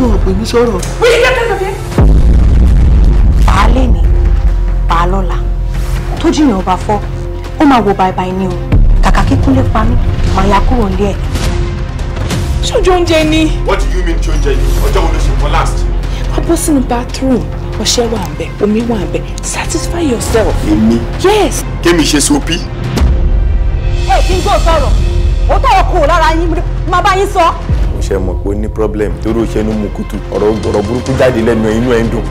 yóò pè mí sọ̀rọ̀. wọ́n yí kẹ́kẹ́ sọ̀fẹ́. pa á lẹ́ni tó jiyàn ọba fọ́ ó máa wo bàìbàì ni o kàkà kíkún lè pa mí màá ya kúrò nílé ẹ̀. ṣojú oúnjẹ ni. what do you mean ṣoúnjẹ ni ọjọ́ wo ló ṣe fọ́ last. wọ́n bọ́ sínú bathroom ọṣẹ wà ń bẹ omi wà bẹ satisfy yourself. èmi. yes. kémi ṣe sopi. ẹ kí n gbọ́ sọ̀rọ̀ òótọ́ ọkùnrin lára yín máa bá yín sọ ṣe mọ̀ pé ní problem torí ó ṣe inú mu kùtù ọ̀rọ̀ burúkú jáde lẹ́nu inú ẹ̀ ń dùn.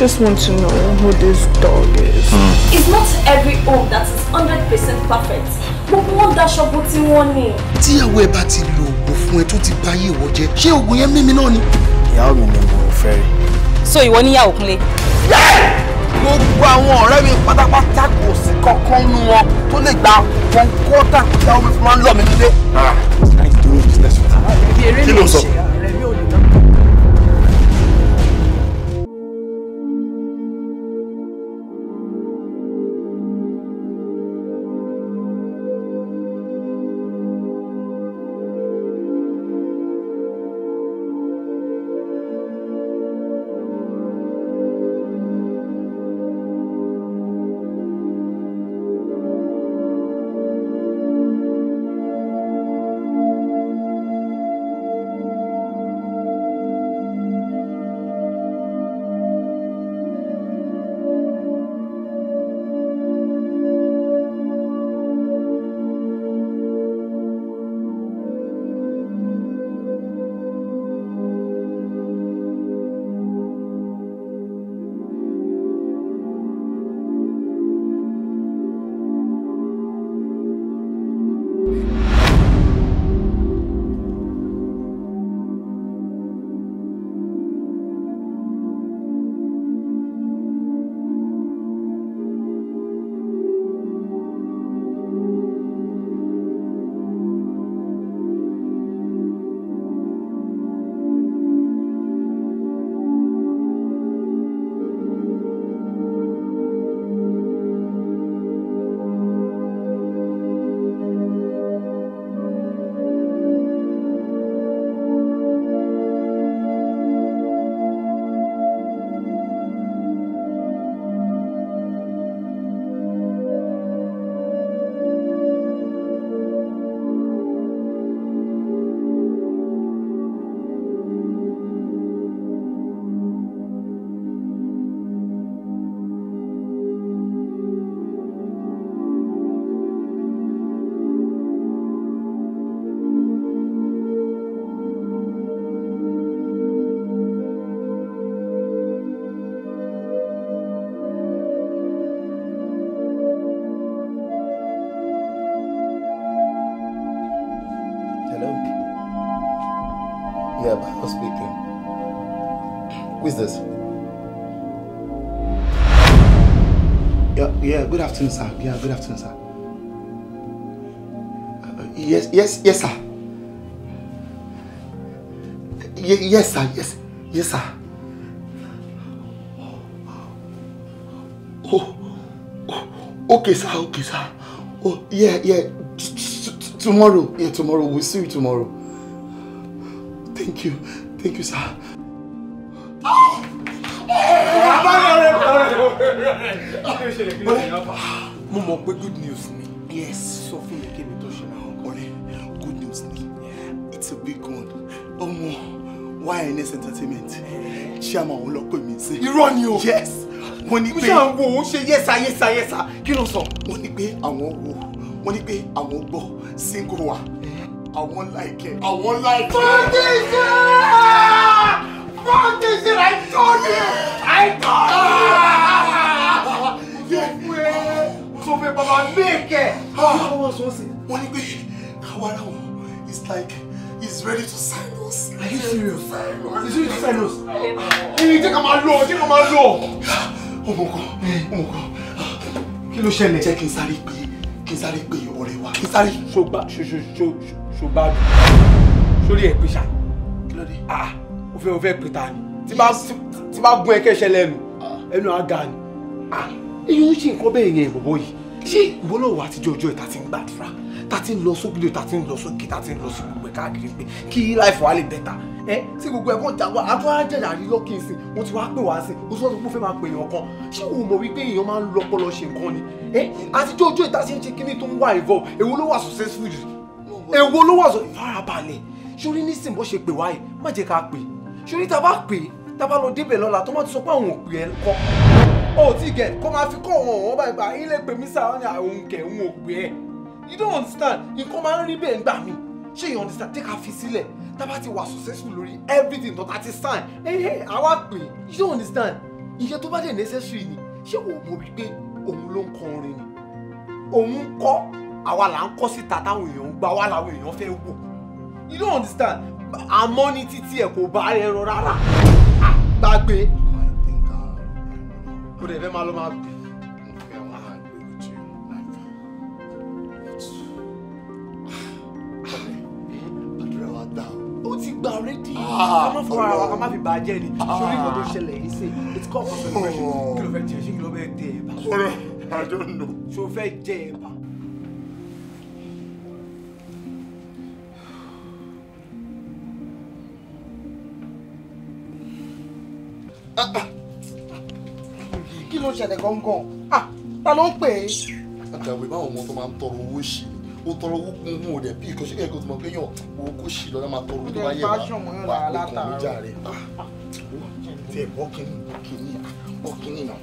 Just want to know who this dog is. Mm. It's not every home that is hundred percent perfect. Gbogbo wọn daṣọ bó tí wọ́n ní. Tíyàwó ẹ bá ti lo oògùn fún ẹ tó ti bà ayé ìwọ jẹ́, ṣé oògùn yẹn mímí náà ni? Ìyàwó mi ni mo fẹ́ So ìwọ níyàwó kúnlé. Gbogbo àwọn ọ̀rẹ́ mi pátápátá kò sí kankan nu wọn tó lè gba one quarter tí àwọn mi fi máa ń lọ mi nílé. Ah. Kí ló sọ? afternoon, sir. Yeah, good afternoon, sir. Uh, yes, yes, yes, sir. Y yes, sir. Yes, yes, sir. Oh, oh, okay, sir. Okay, sir. Oh, yeah, yeah. T -t -t tomorrow. Yeah, tomorrow. We'll see you tomorrow. Thank you. Thank you, sir. why NS entertainment chairman òun lọ pè mí sí. irọ́ ni o. yes wọ́n ní pé. mi ṣáà ń wo òun ṣe yẹ́sà yẹ́sà yẹ́sà kí ló sọ. wọ́n ní pé àwọn wo wọ́n ní pé àwọn gbọ́ single wa I I won't won't like like it. it. Fuck this! àwọn láìkẹ́. àwọn láìkẹ́. fọ́tíṣì fọ́tíṣì rẹ̀ tọ́ni àìtọ́ni. yẹ́pẹ́ sọfẹ́ bàbá mẹ́kẹ́. Ah. wọ́n ní pé káwa ra wọn it's like he's ready to sign. Are you serious? Are you serious? Serious? Ee, jẹ́ ká máa lọ, jẹ́ ká máa lọ. Oh, kan, ọmọ Kilo kí check ṣẹlẹ̀? Jẹ́ kí n sáré pé kí n sáré pé ọ̀rẹ́ wa. Kí n sáré. Ṣogba ṣogba sórí ẹ̀ pé ṣá. Kí Ah, o over, o fẹ́ pè ta ni. Tí bá gún ẹkẹ́ ṣẹlẹ̀ nù, ẹnu àga Ah, you ń ṣe nǹkan bẹ́ẹ̀ yẹn bọ̀bọ̀ yìí. Ṣé ìwọ náà wà á ti jọjọ́ ìta tá ti ń lọ sókè tá ti ń lọ sókè tá ti ń lọ sí gbogbo ẹ̀ káàkiri pé kí life wa lè bẹ̀tà ẹ tí gbogbo ẹ̀ kàn já wa àtúwá jẹ̀dà rí lọ́kì ń sìn mo ti wá pè wá sí mo sọ pé mo fẹ́ máa pè èèyàn kan ṣé o mọ̀ wípé èèyàn máa ń lọ ọpọlọ ṣe nǹkan ni ẹ àtijọ́ ojú ìta ṣe ń ṣe kíní tó ń wá ìvọ èwo ló wà successful jù èwo ló wà farabalẹ̀ sórí nísìn bó ṣe pè wá yìí má jẹ́ ká pè sórí tá a bá pè tá a bá lọ débẹ̀ lọ́la tó má ti sọ pé àwọn òpè ẹ̀ kọ́ ó ti gẹ̀ kó máa fi kọ́ ọ̀hún ọ̀hún báyìí bá ilé pèmísà ọ̀hún kẹ̀ ń òpè ẹ̀ you don't understand nǹkan come and rí bẹ́ẹ̀ ńgbà mí you understand take her fi sílẹ̀ tá bá ti wà successful lórí everything tó ta ti sign hey. àwa pè you don't understand iye tó bá dẹ̀ necessary ni ṣé o mọ̀ wípé òun ló ń kọ orin ni òun ń kọ́ àwa là ń kọ́ síta táwọn èèyàn ń gbà wá làwọn èèyàn you don't understand àmọ́ ní títí ẹ̀ kò bá ẹran rárá àgbàgbé uh, kò dẹ̀ fẹ́ máa lọ máa bì gbà already ah, ká má ara wa ká má fi bàjẹ́ ni ah. sórí ìgbà tó ṣẹlẹ̀ yìí it's called for celebration oh. kí ló fẹ́ jẹ ṣé kí ló tẹ ẹ bá. I don't know. So o fẹ́ jẹ ẹ bá. kí ló ṣẹlẹ̀ gangan ah, ta ló ń pè é. àjàwé báwọn ọmọ tó máa ń tọrọ owó ṣì o tọrọ owó kún un ò dẹ̀ bí ìkọ́ṣẹ́ kẹ́kọ̀ọ́ tó mọ̀ pé yàn owó kó sì lọ́dọ̀ máa tọrọ tó bá yẹ wá wà á kò kàn mí jà rẹ̀ tí ẹ̀ bọ́ kínní bọ́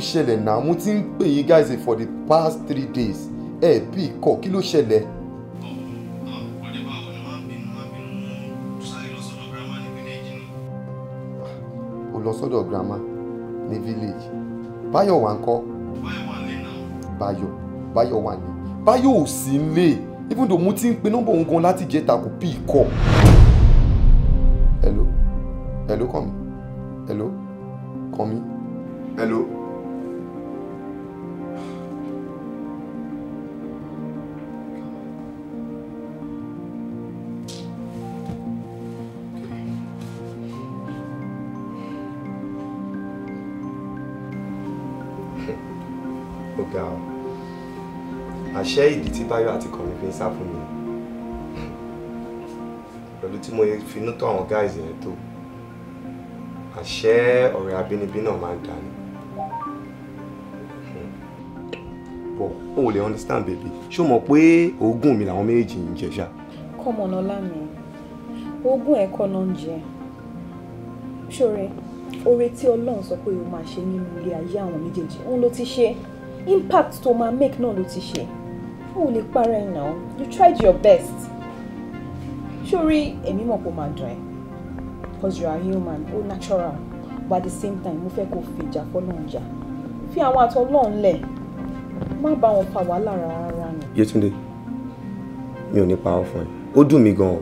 ṣẹlẹ̀ náà mo ti ń pè yí guys for the past three days ẹ bí kọ kí ló ṣẹlẹ̀. o lọ sọ́dọ̀ grandma ní village báyọ̀ wà ń kọ́. báyọ̀ báyọ̀ wà ní báyọ̀ ò sí ń lé even though mo ti ń pe nọ́mbà òun gan láti jẹ́ ta kò bí Báyọ̀ àti Kọ̀mí fi ń sá fún mi pẹ̀lú tí mo finú tó àwọn guys yẹn tó àṣẹ ọ̀rẹ́ abínibí náà máa ń dání pọ̀ o lè understand baby ṣó mọ̀ pé oògùn mi làwọn méjì ń jẹ ṣá. kọ́mọ̀nà lánàá oògùn ẹ̀kọ́ náà ń jẹ ṣóre oore tí ọlọ́run sọ pé o máa ṣe nínú ilé ayé àwọn méjèèjì òun ló ti ṣe impact tó máa make náà ló ti ṣe o lè para ẹ̀ náà you tried your best sórí èmi mọ̀ pé máa dùn ẹ́ because you are human o natural but at the same time mo fẹ́ kó fi ìjà fọ́lọ́run fi àwọn àtọ́ lọ́run lẹ̀ má bá wọn fa wàhálà rárá ni. Yétúndé mi ò ní pa ọ fún ẹ ó dùn mí gan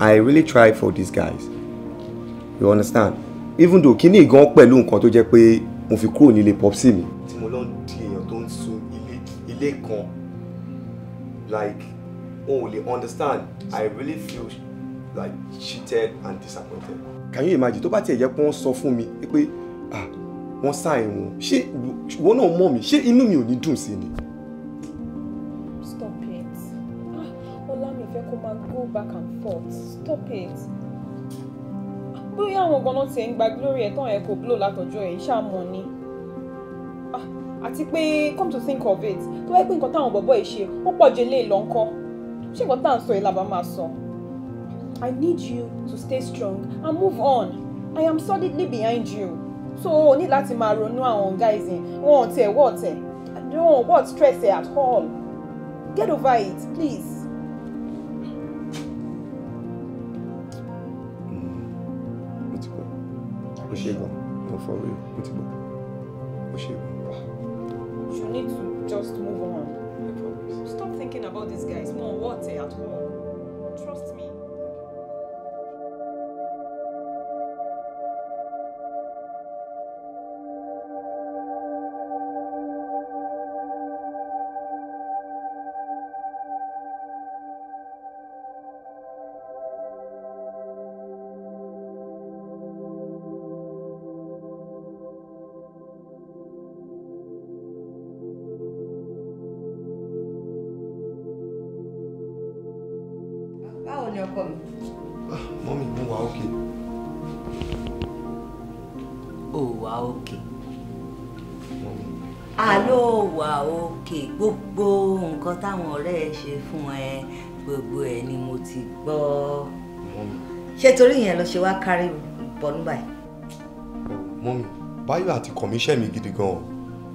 I really tried for these guys you understand even though kini gan pẹ̀lú nǹkan to jẹ́ pé mo fi kúrò nílé popsi mi. tí mo lọ ń di èèyàn tó ń sun ilé kan like wọn ò understand i really feel like cheated and disappointed. can you imagine tó bá tiẹ̀ yẹ kí wọ́n sọ fún mi pé ah wọ́n sáàyè wọn ṣé ìwọ náà mọ̀ mi ṣé inú mi ò ní dùn sí ni. stop it ah, ọlámi fẹ́ kó máa go back and forth stop it bóyá àwọn ganan ti ń gba glory ẹ̀ tán ẹ̀ kò blow látọjọ́ ẹ̀ ṣáà mọ̀ ni àti pé come to think of it tó wáyé pé nǹkan táwọn bọ̀bọ̀ yìí ṣe ó pọ̀ jẹ́ lé lọ́nkọ́ ṣé nǹkan tá à ń sọ yìí làbá máa sọ. I need you to stay strong and move on I am solidly behind you so o ní láti máa ronú àwọn guys yẹn wọn ò tẹ̀ wọ́ọ̀ tẹ̀ don't what stress at all get over it please. Mm. ó ṣe gan mo fọwọ́ ó ti bọ̀ ó ṣe gan. need to just move on. Stop thinking about these guys. More water at home. ọkọ mi. Ah, mọ́mí mo wà ókè. ò wà ókè. àló wà ókè gbogbo nǹkan táwọn ọ̀rẹ́ ẹ ṣe fún ẹ gbogbo ẹ ni mo ti gbọ́. ṣé torí ìyẹn ló ṣe wá kárí bọ́nú báyìí. Oh, mọ́mí báyọ̀ àti kọ̀míṣẹ́ mi gidi gan-an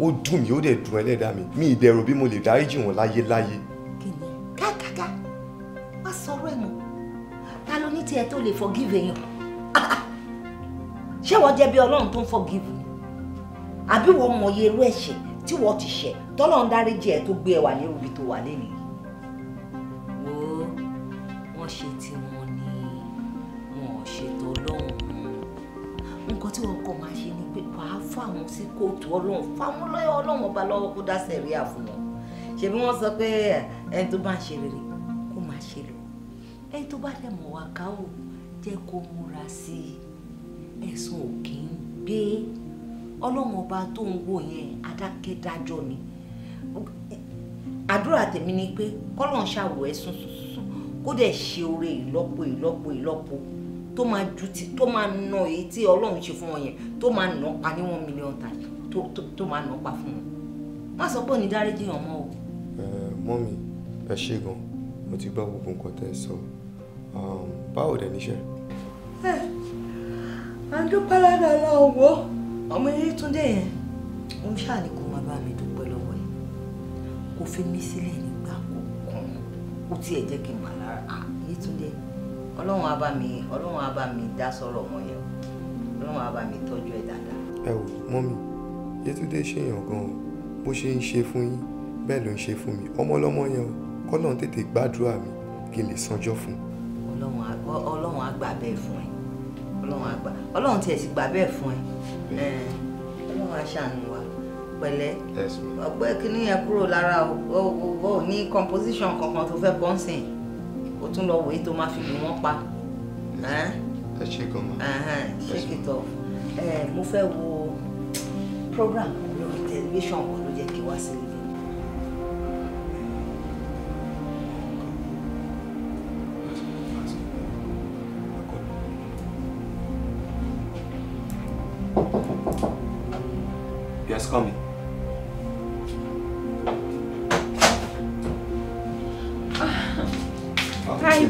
ó dùn mí ó dẹ̀ dùn ẹlẹ́dàá mi mi ìdẹ̀rù bí mo lè dáríjì wọn láyé láyé. ẹ tó lè forgive èèyàn ṣé wọ́n jẹ́ bí ọlọ́run tó ń forgive ni àbí wọ́n mọyé irú ẹ̀ṣẹ̀ tí wọ́n ti ṣẹ̀ tọ́lọ́run dáríjì ẹ̀ tó gbé ẹ wà ní ibi tó wà lẹ́nu yìí wo wọ́n ṣe tí wọ́n ní wọn ò ṣètò ọlọ́run nǹkan tí wọ́n kọ́ máa ṣe ni pé wàá fáwọn sí kóòtù ọlọ́run fáwọn lọ́yọ̀ ọlọ́run ọba lọ́wọ́ kó dá sẹ̀ríà fún wọn ṣèbí wọ́n sọ pé ẹni tó bá ń ṣe rere bá dẹ̀ mọ̀ wá ká ò jẹ́ kó múra sí i ẹ̀sùn ò kì í gbé ọlọ́run ọba tó ń wò yẹn adákẹ́dájọ́ ni àdúrà tèmi ni pé kọ́lọ́n ṣàwọ̀ ẹ̀sùn tuntun kó dẹ̀ ṣe oore ìlọ́po ìlọ́po ìlọ́po tó máa ju ti tó máa nà èyí tí ọlọ́run ṣe fún wọn yẹn tó máa nà pa ní one million times tó máa nà pa fún wọn má sọ pé òní dáríjì mọ́ o. mọ́mi ẹ ṣe gan mo ti gbọ́ gbogbo nǹkan tẹ́ ẹ sọ. So Um, báwo dẹ̀ níṣẹ́. ẹ à ń dúpẹ́ lọ́dọ̀ ọlọ́run wo ọmọ yìí tún dé yẹn ó ń ṣàní kó máa bá mi dúpẹ́ lọ́wọ́ ẹ̀ kò fi mí sílẹ̀ nígbà kọ̀ọ̀kan ó tiẹ̀ jẹ́ kí n wà lára Yétúndé ọlọ́run á bá mi ọlọ́run á bá mi dá sọ̀rọ̀ ọmọ yẹn ọlọ́run á bá mi tọ́jú ẹ̀ dáadáa. ẹ wò mọ́mì Yétúndé ṣèyàn gan-an bó ṣe ń ṣe fún yín bẹ́ẹ̀ ló ń ṣe fún mi ọmọ ọlọ́mọ yẹn o kọ́lọ́n tètè gbàdúrà mi kí n lè sanjọ́ fún un ọlọ́run á gbà bẹ́ẹ̀ fún ẹ ọlọ́run á gbà ọlọ́run tiẹ̀ sì gbà bẹ́ẹ̀ fún ẹ ọlọ́run á ṣàánú wa pẹ̀lẹ́ ọgbẹ́ kínní yẹn kúrò lára o ní composition kankan tó fẹ́ bọ́ nsìn o tún lọ wòye tó máa fi bí wọ́n pa. ẹ ṣe gan ma shake it off mo fẹ́ wo program lórí tẹlifíṣàn kan ló jẹ́ kí wá sílẹ̀.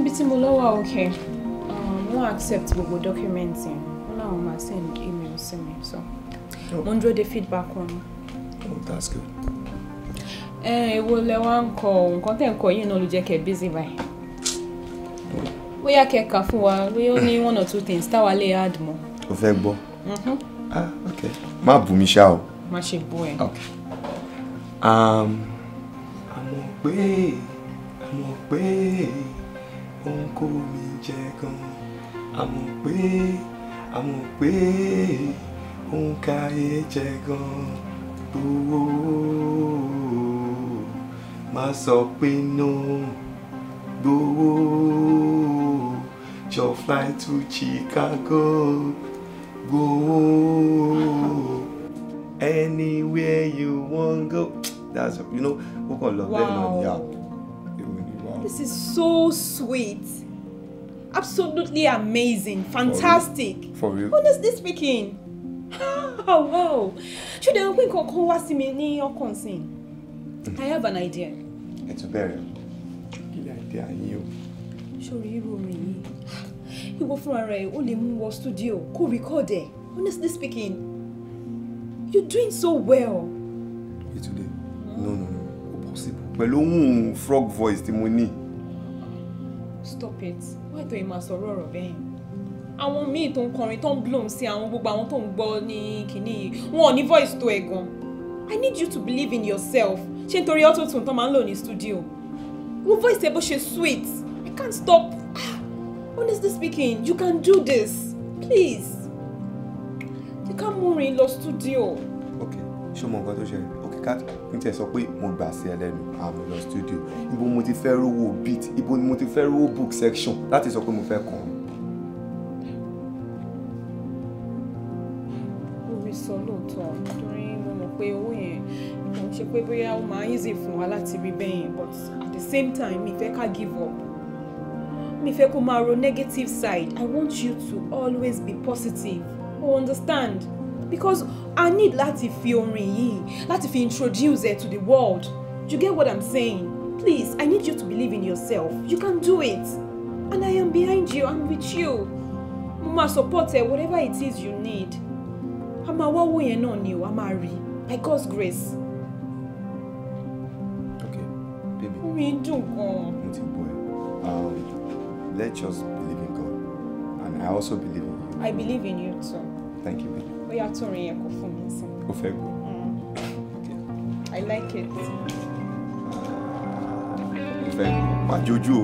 ibi tí mo lọ wà òkè wọ́n accept gbogbo dọ́kúmẹ́ǹtì wọ́n láwọn máa send email sí mi so oh. mo ń dúró de feedback wọn. oh that's good. ẹ èwo lẹ wá ń kọ nǹkan tẹ̀ ń kọ yìí náà ló jẹ́ kẹ́ busy báyìí oh. bóyá kẹ́ kà fún wa bóyá ó ní one or two things táwa lè add mọ́. o fẹ́ gbọ́. Mm-hmm. ah ok má bù mí ṣá o. má ṣe bú ẹ. ok. àmọ̀ pé àmọ̀ pé ó ń kó mi jẹ gan àmọ̀ pé àmọ̀ pé ó ń ka ayé jẹ gan gbowó má sọ pé no gbowó jọ fly to Chicago gbowó anywhere you wan go that's you know ó kàn lọ bẹ́ẹ̀ náà ni yeah. This is so sweet. Absolutely amazing. Fantastic. For real? Honestly speaking. Oh, wow. Should I open kankan wá sí mi ní ọkàn I have an idea. It's bẹ̀rẹ̀. Kí ni idea yìí o? Ṣòro irú orin yìí. Ìwọ fúnra rẹ̀ ó lè mú studio kó record ẹ̀. Honestly speaking, you're doing so well. Ètò dé. No, no pẹ̀lú ohun frog voice tí mo ní. stop it why tó yẹ máa sọ̀rọ̀ ọ̀rọ̀ bẹ́ẹ̀ àwọn míì tó ń kọrin tó ń blow sí àwọn gbogbo àwọn tó ń gbọ́ ní kìíní yìí wọn ò ní voice tó ẹ̀ gan i need you to believe in yourself ṣé nítorí autotune tó máa ń lò ní studio wo voice ẹ bó ṣe sweet i can't stop ah honestly speaking you can do this please you can move in lọ studio. ok ṣé o mọ nǹkan tó ṣẹlẹ̀ kí n tẹ̀ sọ pé mo gbà sí ẹlẹ́nu àmì lọ studio ibo mo ti fẹ́ rówó beat ibo mo ti fẹ́ rówó book section láti sọ pé mo fẹ́ kàn orí sọ lóòótọ́ torí mo mọ̀ pé owó yẹn kò ṣe pé bóyá ó máa easy fún wa láti rí bẹ́ẹ̀ yẹn but at the same time mi fẹ́ ká give up mi fẹ́ kó máa ro negative side I want you to always be positive You understand. because i need láti fi orin that láti fi introduce her to the world you get what i'm saying please i need you to believe in yourself you can do it and i am behind you i'm with you Mama supports support her whatever it is you need I'm a on you, I'm o a máa rí by god's grace. okay baby We do gan. mo ti boy. ẹ um, let's just believe in god and i also believe in you. i believe in you too. thank you baby. ó yà tó orin yẹn kó fún mi sí. o fẹ́ gbọ́. Mm. I like it. o fẹ́ gbọ́ pàjójú o.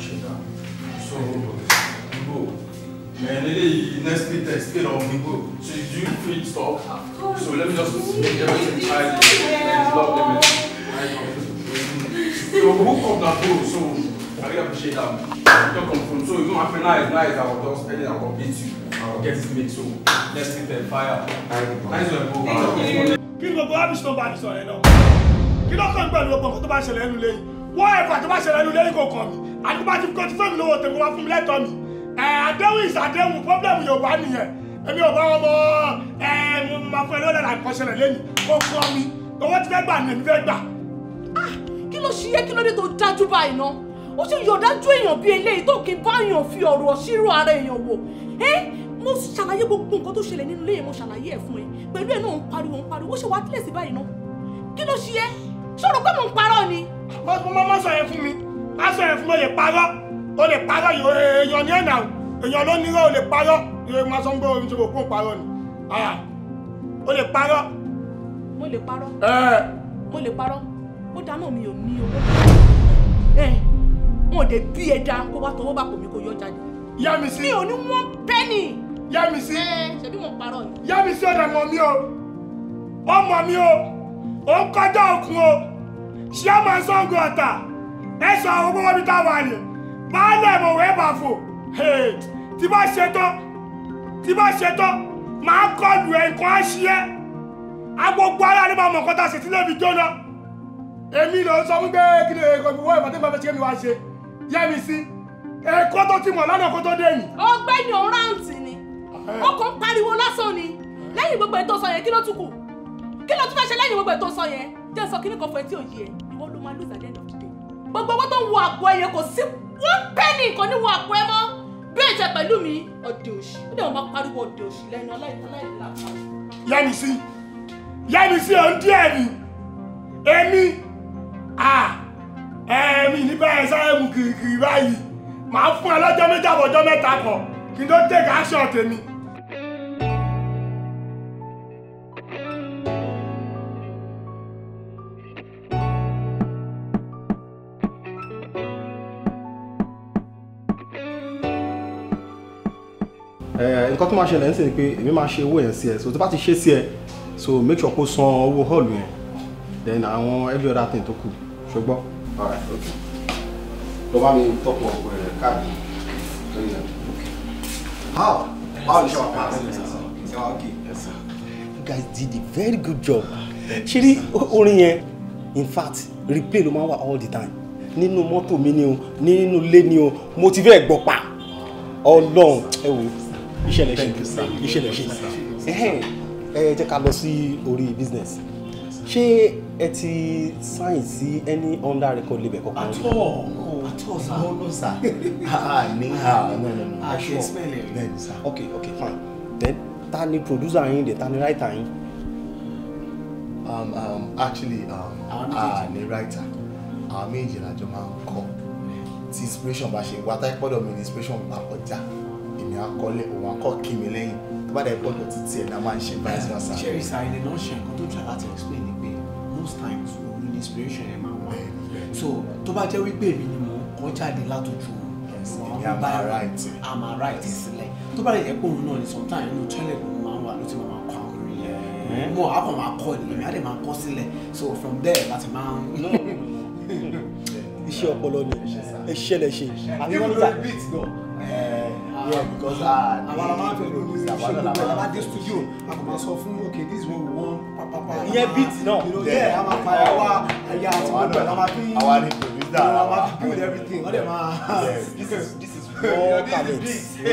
ṣe so igbo and eléyìí next week text pé lọ mú igbo so do you feel stop so let me just make everything tidy and love them so who come that oh, go so i really appreciate am don confirm so even after night night i go just spend it i beat you i get it made so next week dem fire nice one go go. kí ni gbogbo abish tó ń bá a sọ yẹn náà kí ló kàn ń pẹ̀lú ọgbọ̀n kó tó bá ṣẹlẹ̀ ẹnu lẹ́yìn wọ́n ẹ̀fà tó bá ṣẹlẹ̀ ẹnu lẹ́yìn kò kàn mí àdúgbò àti kò tí fún mi lówó tèmi wá fún mi lẹ́tọ̀ọ́ mi ẹ àdéhùn ìsàdéhùn pọ́blẹ́mù yorùbá nìyẹn èmi ò bá wọn mọ ẹ mo máa fún ẹ lọ́dọ̀ là kọ́ ṣẹlẹ̀ lẹ́nu kó kọ́ mi owó ti fẹ́ gbà ní èmi fẹ́ gbà. Ah, kí ló ṣe yẹ kí ló dé tó dájú báyìí ná ó ṣe yọ̀dájú èèyàn bíi eléyìí tó kì í bá èèyàn fi ọ̀rọ̀ ṣírò ara èèyàn wò mo ṣàlàyé gbogbo nǹkan tó ṣẹlẹ̀ nínú ilé yẹn mo ṣàlàyé ẹ̀ fún ẹ pẹ̀lú ẹ̀ náà ń pariwo ń pariwo ó ṣe wá kílẹ̀ sí báyìí ná kí ló ṣe yẹ ṣòro pé mo ń parọ́ ni. mo máa ń sọ yẹn fún mi aṣọ ẹ̀ fún mi ò lè parọ́ o lè parọ́ èèyàn ní ẹ̀nà èèyàn ló nírọ́ o lè parọ́ ìròyìn máa sọ ń gbọ́ omi tí mo kún parọ́ ni o lè parọ́. mo lè parọ́ mo lè parọ́ ó dáná mi ò ní owó wọn ò dé bí ẹja kó wá tọwọ́ bá pò mí kó yọ jáde yamisi. mi ò ní wọ́n pẹ́ẹ́nì. yamisi. ṣebí mo parọ́ ni. yamisi ọ̀dà mọ̀ mi o ọmọ mi o ò ń kọjá òkun o ṣé a máa sọ́ngun ọ̀tà ẹ sọ àwọn gbogbo mi táwọn àlè máa lọ ẹ̀mọ̀ wẹ́ẹ́ bá fò tí bá ṣe tán tí bá ṣe tán máa kọlù ẹ̀ nǹkan á ṣí ẹ́ agbogbo ara ní máa mọ̀ nǹkan tá a ṣe sílẹ̀ fi jóná èmi ló ń sọ fún pé kí ni èkó mi wọ́n ìbátan ìbá fẹ́ ṣe mi wá ṣe yẹ́ mi sí èkó tó ti mọ̀ lánàá kó tó dé mi. ó gbé ní òun ráǹtì ni ó kàn ń pariwo lásán ni lẹ́yìn gbogbo ètò sọ yẹn kí ló tún kù kí ló tún fẹ́ ṣe lẹ́yìn gbogbo ètò sọ yẹn jẹ́ sọ kíní kan fún ẹ tí ò yẹ ìwọ ló máa lù gbogbo owó tó ń wo àpò ẹyẹ kò sí one penny kò ní wo àpò ẹ mọ́ bẹ́ẹ̀ jẹ́ pẹ̀lú mi ọ̀dẹ̀ òṣì ó dẹ̀ wọ́n máa pariwo ọ̀dẹ̀ òṣì lẹ́nu aláìláìlá. yẹ́nu sí yẹ́nu sí ọ̀ ń díẹ̀ ni èmi ẹ̀mí ní bẹ́ẹ̀ sáré mu kìrìkìrì báyìí màá fún ẹ lọ́jọ́ méjì àbọ̀jọ́ mẹ́ta kọ̀ kí n tó take action tèmi. Eh, nǹkan tó máa ṣẹlẹ̀ ń sè pé èmi máa ṣe owó yẹn sí ẹ so tó bá ti ṣe sí ẹ so make sure kó san owó hall yẹn then àwọn every other thing tó kù ṣùgbọ́n. lọ bá mi tọpọ káàdì tó yẹ. how how you sure pass you guys did a very good job ṣe rí orin yẹn in fact replay ló máa wà all the time nínú mọ́tò mi ni o nínú ilé ni o mo ti fẹ́ gbọ́ pa ọlọ́run ẹ wò ó ìṣẹ̀lẹ̀ ṣe ìṣẹ̀lẹ̀ ṣe ẹ jẹ́ ká lọ sí orí business ṣé ẹ ti sign sí any under record label kankan. at all at all sir. no no sir. ah ni ah, ah no no no. i should explain it. then sir. okay okay fine then ta ni producer yín de ta ni writer yín. um um actually um ah ni writer àwọn méjì làjọ máa ń kọ tí inspiration bá ṣe wá táyé pọ́dọ̀ mi ni inspiration bá kọjá á kọ́lé òun á kọ́ kí mi lẹ́yìn tó bá dẹ̀ gbọ́dọ̀ títí ẹ̀ náà máa ń ṣe vice versa. ṣé ìsà ilé náà ṣe nǹkan tó try láti explain ni pé most times òun ní inspiration ẹ̀ máa wà so tó bá jẹ́ wípé èmi ni mò ń kọ́ jáde látọjú àmà right sílẹ̀ tó bá lè jẹ́ pé òun náà ni sometimes inú toilet ló máa ń wà ló ti máa kọ́ àwọn orin yẹn mo àkọ́ máa kọ́ ni èmi á dẹ̀ máa kọ́ sílẹ̀ so from there láti máa ń iṣẹ́ ọpọlọ ni ẹ ṣẹlẹ̀ ṣe àbí yeah because ah àwọn àwọn afẹ́rù ní ṣe gbogbo àwọn adé studio àkọ́kọ́ sọ fún okay this is what we want papapa ìyẹn beat náà yẹ a máa pa ẹwà ẹyà àti gbogbo ẹ̀ a máa fi àwọn àni producer a máa fi build everything wọ́n dẹ̀ máa this is this is raw talent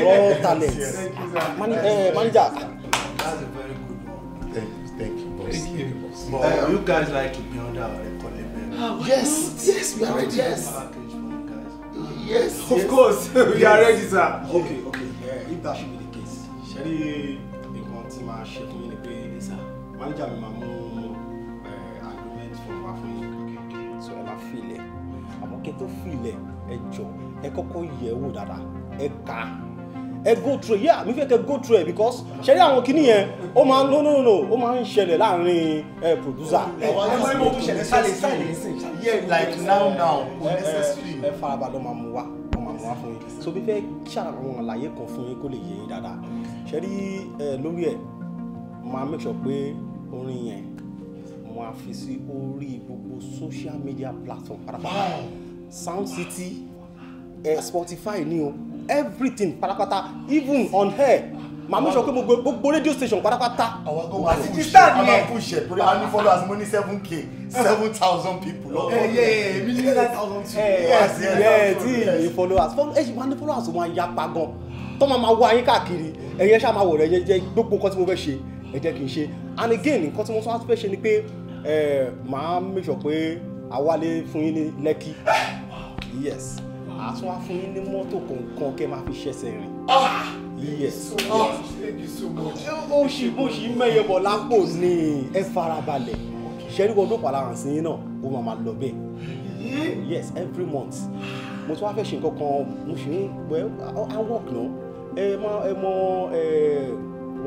raw talent eh, manager. that's a very good one. thank you thank you boss thank you boss. but uh, you guys like to be under our economy. Ah, yes yes we are ready yes. Yes. Of yes. course, we yes. are ready, sir. Okay, okay. Yeah, if that should be the case. Ṣé rí nǹkan tí màá ṣe fún yín ni pé mánéjà mi máa mú eh, agreement fún wa fún yín. So I'm a fi I'm okay to ẹ tó fi ilẹ̀, ẹ jọ, ẹ kọ́kọ́ yẹ̀ ẹ go through yeah mi fẹ́ kẹ́ go through ẹ̀ because ṣe rí àwọn kinní yẹn ó máa no no no ó máa ń ṣẹlẹ̀ láàrin ẹ eh, producer. ẹ wọ́n ní mo tún ṣẹlẹ̀ ṣàlẹ̀ ṣàlẹ̀ ṣàlẹ̀ like now now necessary. ẹ farabalẹ̀ máa mú wa wọ́n máa wa fún yín so bí fẹ́ ṣàwọn àlàyé kan fún yín kó lè yé yín dáadáa ṣe rí eh, lórí ẹ̀ máa make sure pé orin yẹn mo á fi sí orí gbogbo social media platform pátápátá Sound City ẹ eh, Spotify ni o everything pátápátá even on her, màmú sọ pé mo gbogbo radio station pátápátá. àwọn akọ́wọ́ àwọn òṣìṣẹ́ àwọn akọ́ṣẹ́ torí a ní followers mo ní seven k seven thousand people lọ́wọ́. ẹ yẹ èmi ní nine thousand two. ẹ eh, ẹ tí ìyẹn followers ẹ ṣì máa ní followers wọn ya pa gan tó máa máa wá yín káàkiri ẹ̀yin ṣáà máa wọ̀ rẹ̀ jẹ́jẹ́ gbogbo nǹkan tí mo fẹ́ ṣe ẹ jẹ́ kí ṣe and again nǹkan tí mo tún wá fẹ́ ṣe ni pé eh, màá make sure pé àwa lè fún yín ní lẹ́kì yes a tún wá fún yín ní mọ́tò kọ̀ọ̀kan kẹ́ máa fi ṣẹ̀ṣẹ̀ rìn. Ah! yes ah! ó ṣì bó ṣì mẹ́yẹ bọ̀ lápò ní ẹ farabalẹ̀ ṣẹ́rí wọn ló pàlà sí yín náà ó máa lọ bẹ́ẹ̀ yes every month ah! mo tún wá fẹ́ ṣe nǹkan kan mo ṣe ń pẹ́ i work no? ẹ mọ ẹ mọ ẹ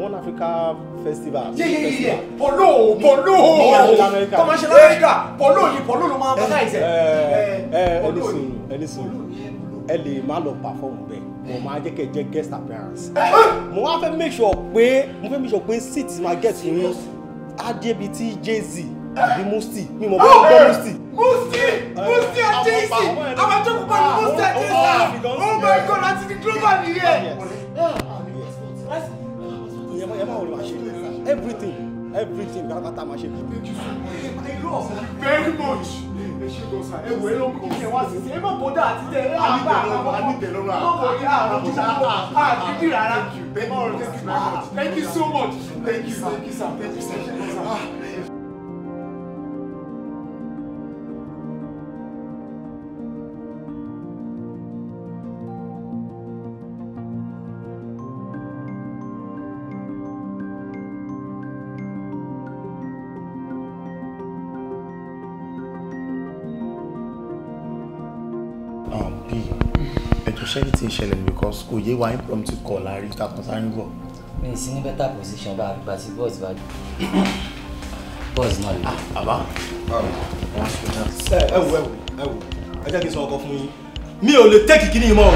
one africa festival. yé yé yé polo polo commercial america polo yìí polo ló máa bá láìsẹ. ẹ ẹ ẹ ẹ ní sùn ẹ ní sùn ẹ lè má lọ perform bẹ́ẹ̀ mo máa jẹ́ kẹ́ jẹ́ guest appearance mo wá fẹ́ make sure pé mo fẹ́ make sure pé seat máa get fún yín adébítí jay-z àbí musti mi mo bọ́ọ̀ gbọ́ musti. musti musti and jay-z àbájọ́kù pẹ̀lú musti and jay-z oh my god àti the global nìyẹn. ẹ máa wọlé wá ṣe everything everything gbàgbàtà máa ṣe. very much ṣègùnsà ẹ wò ẹ ló mú kí kí ẹ wá sísè ẹ má bọ́dà àti tẹ ẹ láti bá àkọ́kọ́ àníbẹ̀lọ́rọ̀ àkọ́kọ́ àkọ́kọ́ àkọ́kọ́ àkíkí rárá thank you so much thank you thank you sir thank you sir. because kò yé wa impromptu call la rí ta kan sáré bọ̀. mi ì sí ní better position bá àgbà tí boss bá jù boss náà lè. Ah, àbá ẹ wò ẹ wò ẹ wò ẹ jẹ́ kí n sọ ọkọ fún yín mi ò lè tẹ́kì kí ni ìmọ̀ o.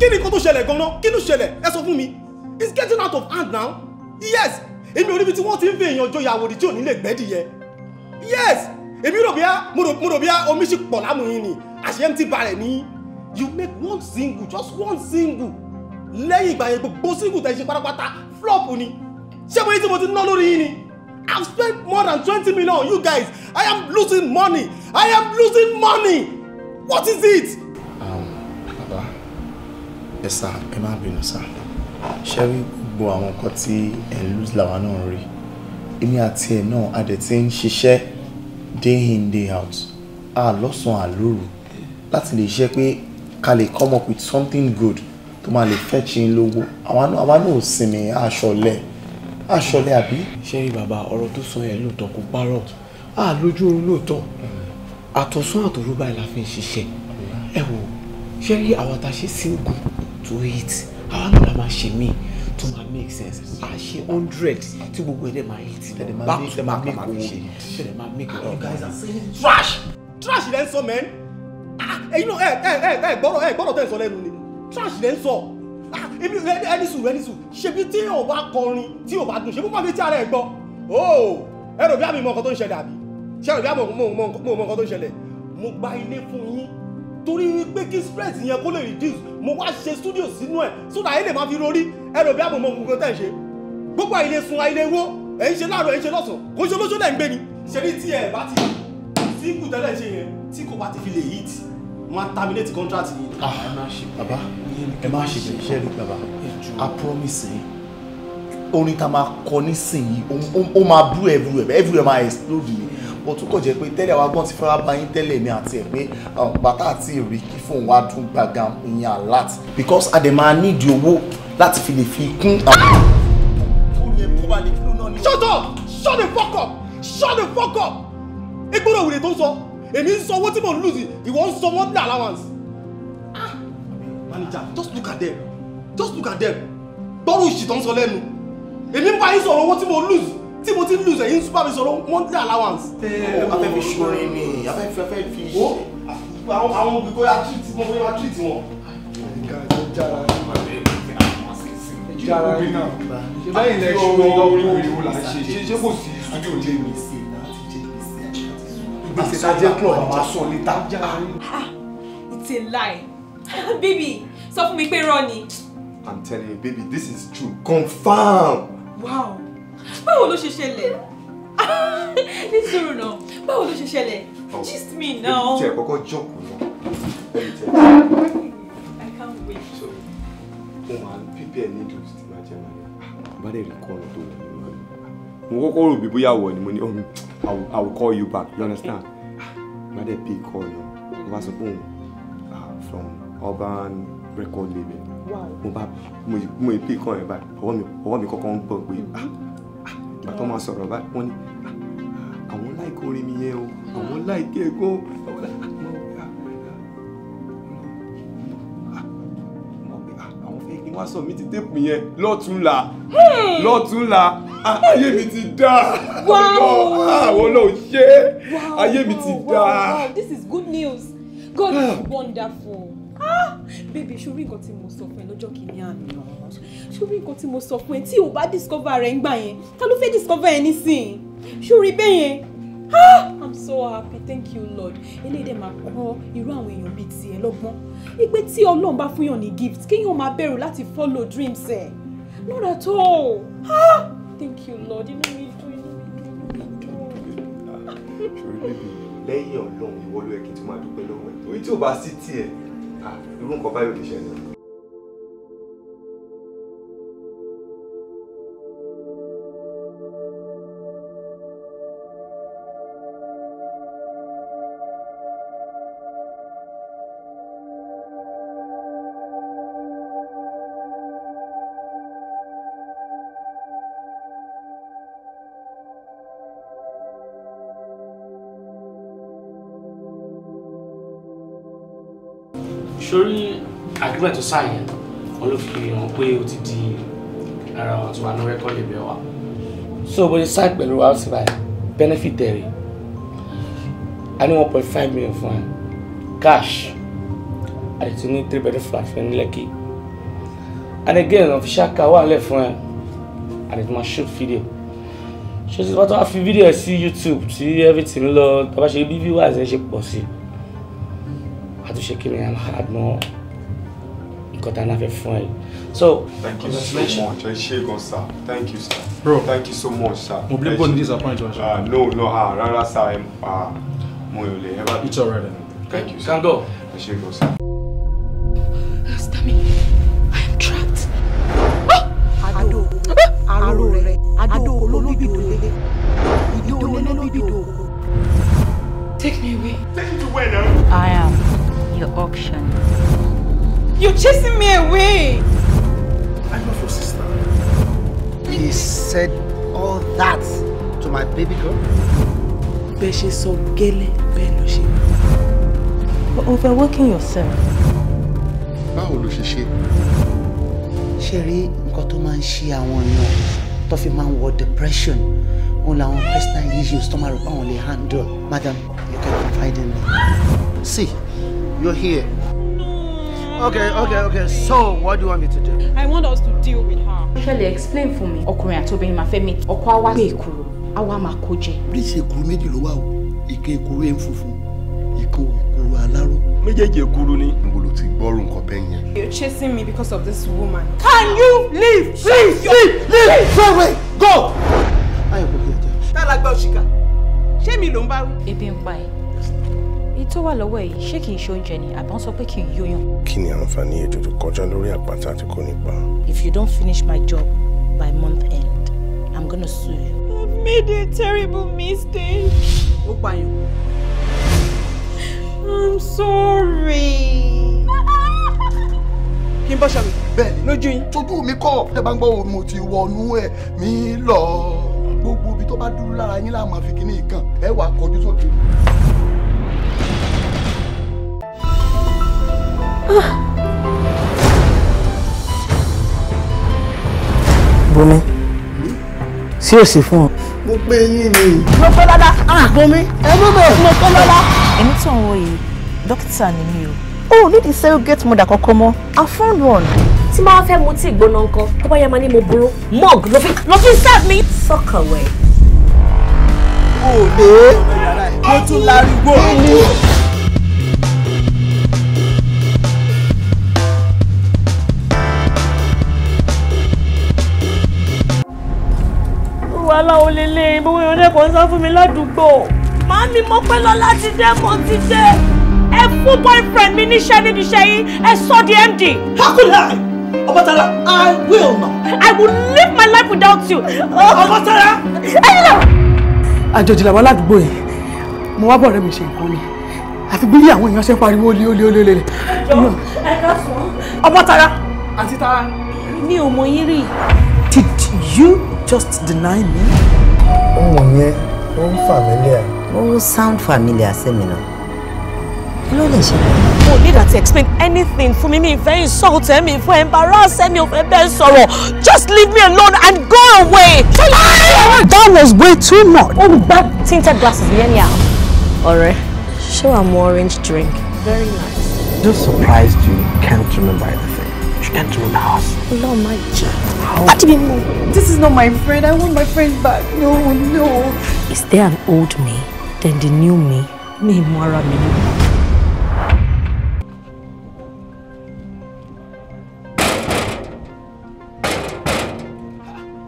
kí ni kó tó ṣẹlẹ̀ gan-an kí ló ṣẹlẹ̀ ẹ sọ fún mi it's getting out of hand now yes èmi ò níbi tí wọ́n ti ń fi èèyàn jọyọ̀ àwòrán tí ò ní lè gbẹ́dì yẹ yes èmi rò bíá mo rò bíá omi sì pọ̀ lámù yín ni àṣẹ ń ti balẹ̀ ní you make one single just one single lẹ́yìn ìgbà yẹn gbogbo single tẹ̀ ṣe pátápátá flop ni ṣé mo ní tí mo ti ná lórí yín ni i have spent more than twenty million on you guys i am losing money i am losing money what is it. Um, bàbá ẹ sá ẹ má bínú sá ṣé rí gbogbo àwọn nǹkan tí ẹ̀ ń lose làwa náà rí èmi àti ẹ̀ náà a dẹ̀ ti ń ṣiṣẹ́ day in day out a lọ́sàn-án àlóru láti lè ṣe pé ká lè come up with something good tó máa lè fetch yín lówó àwa náà àwa náà ò sinmi aṣọlẹ̀ aṣọlẹ̀ àbí. ṣé rí bàbá ọ̀rọ̀ tó sọ yẹn lóòótọ́ kò parọ́ à lójú oorun lóòótọ́ àtọ̀sán àtòrú báyìí la fi ń ṣiṣẹ́ ẹ wò ṣé rí àwọn tá a ṣe single to eight àwa náà la máa ṣe míì tó máa make sense a ṣe hundred tí gbogbo ẹ̀ dẹ̀ máa hit back to back máa fi ṣe ṣe dẹ̀ máa make oh, it up. trash trash lẹ́sọ̀ mẹ́rin. Ah, ẹ̀yin náà ẹ ẹ ẹ ẹ gbọ́dọ̀ ẹ gbọ́dọ̀ tẹ̀ sọ lẹ́nu ni trash lẹ́ ń sọ ah, èmi ẹni sùn ẹni sùn ṣebí tí ò bá kọrin tí ò bá dùn ṣebí pàmì tí ara ẹ gbọ́ ooo oh, ẹ rò bí àmì mọ nǹkan tó ń ṣẹlẹ̀ àbí ṣe rò bí àmì mọ nǹkan tó ń ṣẹlẹ̀ mo gba ilé fún yín torí wípé kí stress yẹn kó lè reduce mo wá ṣe studio sínú ẹ so that ẹ lè máa fi rori ẹ rò bí àmì mọ nǹkan tẹ̀ ṣe gbogbo àìlè sun àìlè wó ẹ ń ṣe láàárọ̀ ẹ ń ṣe lọ́sàn-án kó ṣe olóṣó lẹ́ ń gbé ni ṣe ní tí ẹ bá ti sí kùtẹ́lẹ̀ ṣe yẹn tí kò bá ti fi lè hit máa terminate contract yìí. Ah, bàbá ẹ má ṣe bẹ̀rẹ̀ iṣẹ́ rí bàbá i promise yín orin tá a máa kọ nísìnyí ó máa blue everywhere everywhere máa explode mi ó tún kọ̀ jẹ́ pé tẹ́lẹ̀ wa gbọ́n ti fara bá yín tẹ́lẹ̀ mi àti ẹ̀ pé ah, bàtà àti èrè kí fóun wá dún gbàgà ìyẹn alert because a dẹ̀ máa need owó láti fi lè fi kún. shut up shut the fuck up shut the fuck up ìgbọ́dọ̀ wùdí tó sọ èmi ń sanwó tí mò ń lùsì ìwọ ń sanwó ní allowance. ah manager just look at them just look at them gbọ́rọ̀ ìṣìtàn sọ lẹ́nu èmi ń bá yín sọ̀rọ̀ owó tí mò ń lùsì tí mo ti ń lùsẹ̀ yín súpà mi sọ̀rọ̀ monthly allowance. ẹ ẹ afẹ́ fi ṣorin ni afẹ́ fi afẹ́ fi. o àwọn àwọn olùkọ́ ya treat wọn wọ́n ya treat wọn. jara jara náà ṣe báyìí lẹ ṣe orin lọ́wọ́ ìwé ìwé la ṣe ṣe kò sí studio lé mi gbèsè ah, ah, ah, it's a lie baby sọ fún mi pé i'm telling you baby this is true Confirm. wow báwo ló ṣe ṣẹlẹ̀ nítorí náà báwo ló ṣe ṣẹlẹ̀ oh, gist me now. ebi tí ẹ kọ́kọ́ i can't wait. so mo máa ń pípẹ́ needles tí máa jẹ́ máa yẹ. bá dẹ̀ rí mo kọ́kọ́ rò bí bóyá wọ̀ ni mo ní oh, I will call you back you understand má dẹ̀ pay call náà mo bá sọ pé òun ah, from urban record label mo bá mo pay call yẹn báyìí ọwọ́ mi kọ́kọ́ ń bọ̀ pé mm-hmm. ah, ìgbà tó máa sọ̀rọ̀ báyìí wọ́n ní ah, àwọn láìkó orin mi yẹn o àwọn láìkó ẹ̀kọ́ àwọn ni wọ́n sọ mi ti téèpù yẹn lọ́túnla lọ́túnla ah, ayé mi ti dá ah, àwọn náà ṣe ayé mi ti dá. this is good news God is wonderful ah baby ṣorí nǹkan tí mo sọ fún ẹ lọ́jọ́ kìíní àná ṣorí nǹkan tí mo sọ fún ẹ tí o bá discover rẹ̀ ń gbà yẹn ta ló fẹ́ discover ẹ nísìnyí ṣorí bẹ́ẹ̀ yẹn Ah, i'm so happy thank you lord eléyìí dẹ̀ máa kọ́ irú àwọn èèyàn bíi tiẹ̀ lọ́gbọ́n ìpè tí ọlọ́run bá fún yàn ní gift kéèyàn máa bẹ̀rù láti follow dreams ẹ̀ not at all ah thank you lord inú mi dùn inú mi dùn inú mi dùn. lẹ́yìn ọlọ́run ìwọ ló yẹ kí n tún máa dúpẹ́ lọ́wọ́ ẹ̀ torí tí ò bá sí tiẹ̀ ah, irú nǹkan báyọ̀ lè ṣẹlẹ̀. agreement tó sign. All of you know hàn pé ó ti di ara wọn tó wà so bó ṣe sáà pẹ̀lú wa sí benefit dẹ̀rẹ̀ a ní one point five million fún ẹ cash àti need three better flash fún lucky. and again official car wà lẹ̀ fún ẹ àti máa shoot video ṣe what pátá fi video, I see youtube see everything Lord, tàbá ṣe bí viewers ẹ ṣe pọ̀ sí àtúnṣe kí ni i'm hard mọ́. No nǹkan tá a láfẹ́ so thank you so much I ṣé gan sir thank you sir bro thank you so much sir. mo bí bọ́ọ̀lù disappoint wa. Ah, no no ah, rárá sir ah, mo ò lè ever. it's alright. thank you sir. go. ẹ ṣé gan sir. bẹ́ẹ̀ ṣe sọ gẹ́lẹ́ bẹ́ẹ̀ ló ṣe. overworking yourself. báwo ló ṣe ṣe. ṣe rí nǹkan tó máa ń ṣe àwọn èèyàn tó fi máa ń wọ depression òun làwọn personal issues tó máa rò pé àwọn lè handle madam you can confide in me. see you're here. Okay, okay, okay. So, what do you want me to do? I want us to deal with her. Actually, explain for me. Ọkùnrin àti my family. fẹ́ meet. Ọkọ á a wá máa kó jẹ. oríṣi èkuru méjì ló wà o ìkan èkuru ẹ̀ ń funfun ìkan èkuru aláró. méjèèjì èkuru ni. n bolo ti gbọ́rù nǹkan bẹ́ẹ̀ yẹn. you're chasing me because of this woman. can you leave please leave leave wait wait go. ayọ̀ kò kí ẹ jẹ́. tálá gba òṣìkà ṣé mi ló ń bá wí. ebi ń pa ẹ tó wà lọ́wọ́ yìí ṣé kì í ṣe oúnjẹ ni àbá ń sọ pé kì í yóyàn. kí ni àǹfààní ètùtù kọjá lórí àpáta tí kò ní pa. if you don't finish my job by month end i'm gonna sue you made a terrible mistake. Ó pààyàn. I'm sorry. Kí n bọ́ ṣàmì? Bẹ́ẹ̀ lójú yín. Tójú mi kọ̀, tẹ́ bá ń gbọ́ mo ti wọnú ẹ̀ mi lọ. Gbogbo ibi tó bá dúró lára yín láàmú àfi kíní ẹ wà kọjú sókè. Bùnmi, sí hmm? èsì fún ọ mo pé yín ni. mo pé lọ́lá àgbo ah, mi ẹ mú bẹ̀ mo pé lọ́lá. èmi tó ń wo yìí dókítà ni mi o. o ní di surrogate mother kankan mọ́ i found one. tí máa fẹ́ mu tí ìgbóná nǹkan tó bá yẹ máa ní mo burú mug ló fi ló fi serve mi. suck away. o lè mo tún láriwo. babaláwo lélẹ̀ bóyá ọdẹ kan sá fún mi ládùúgbò. màámi mo pẹ́ lọ láti dé mo ti dé ẹ fún boyfriend mi níṣẹ́ níbi iṣẹ́ yìí ẹ sọ di md. how could I? Ọbátálá I will not. I will live my life without you. Ọbátálá. ẹyin lọ. àjòjì làwọn aládùúgbò yìí mo wá bọ̀ rẹ́ mi ṣe nǹkan ni àfi bí àwọn èèyàn ṣe ń pariwo olè olè olè olè. ẹ ká sọ. Ọbátálá àti Tara. mi ò mọ yín rí. Did you just deny me? Ohun yẹn ó ń familiar. Ó sound familiar sí mi náà. Kí ló lè ṣẹlẹ̀? Mo need her to explain anything fún mi. Mi ìfẹ́ insult ẹ̀ mi ìfẹ́ embarrass ẹ̀ mi ò fẹ́ bẹ́ẹ̀ sọ̀rọ̀. Just leave me alone and go away. That was way too much. Oh, bad tinted glasses yẹn ní àwọn. Ọ̀rẹ́, ṣé wàá orange drink? Very nice. Just surprised you can't remember it. She can't run the house. Lord, my child. What do you mean? This is not my friend. I want my friend back. No, no. Is there an old me? Then the new me? Me, Moira, me.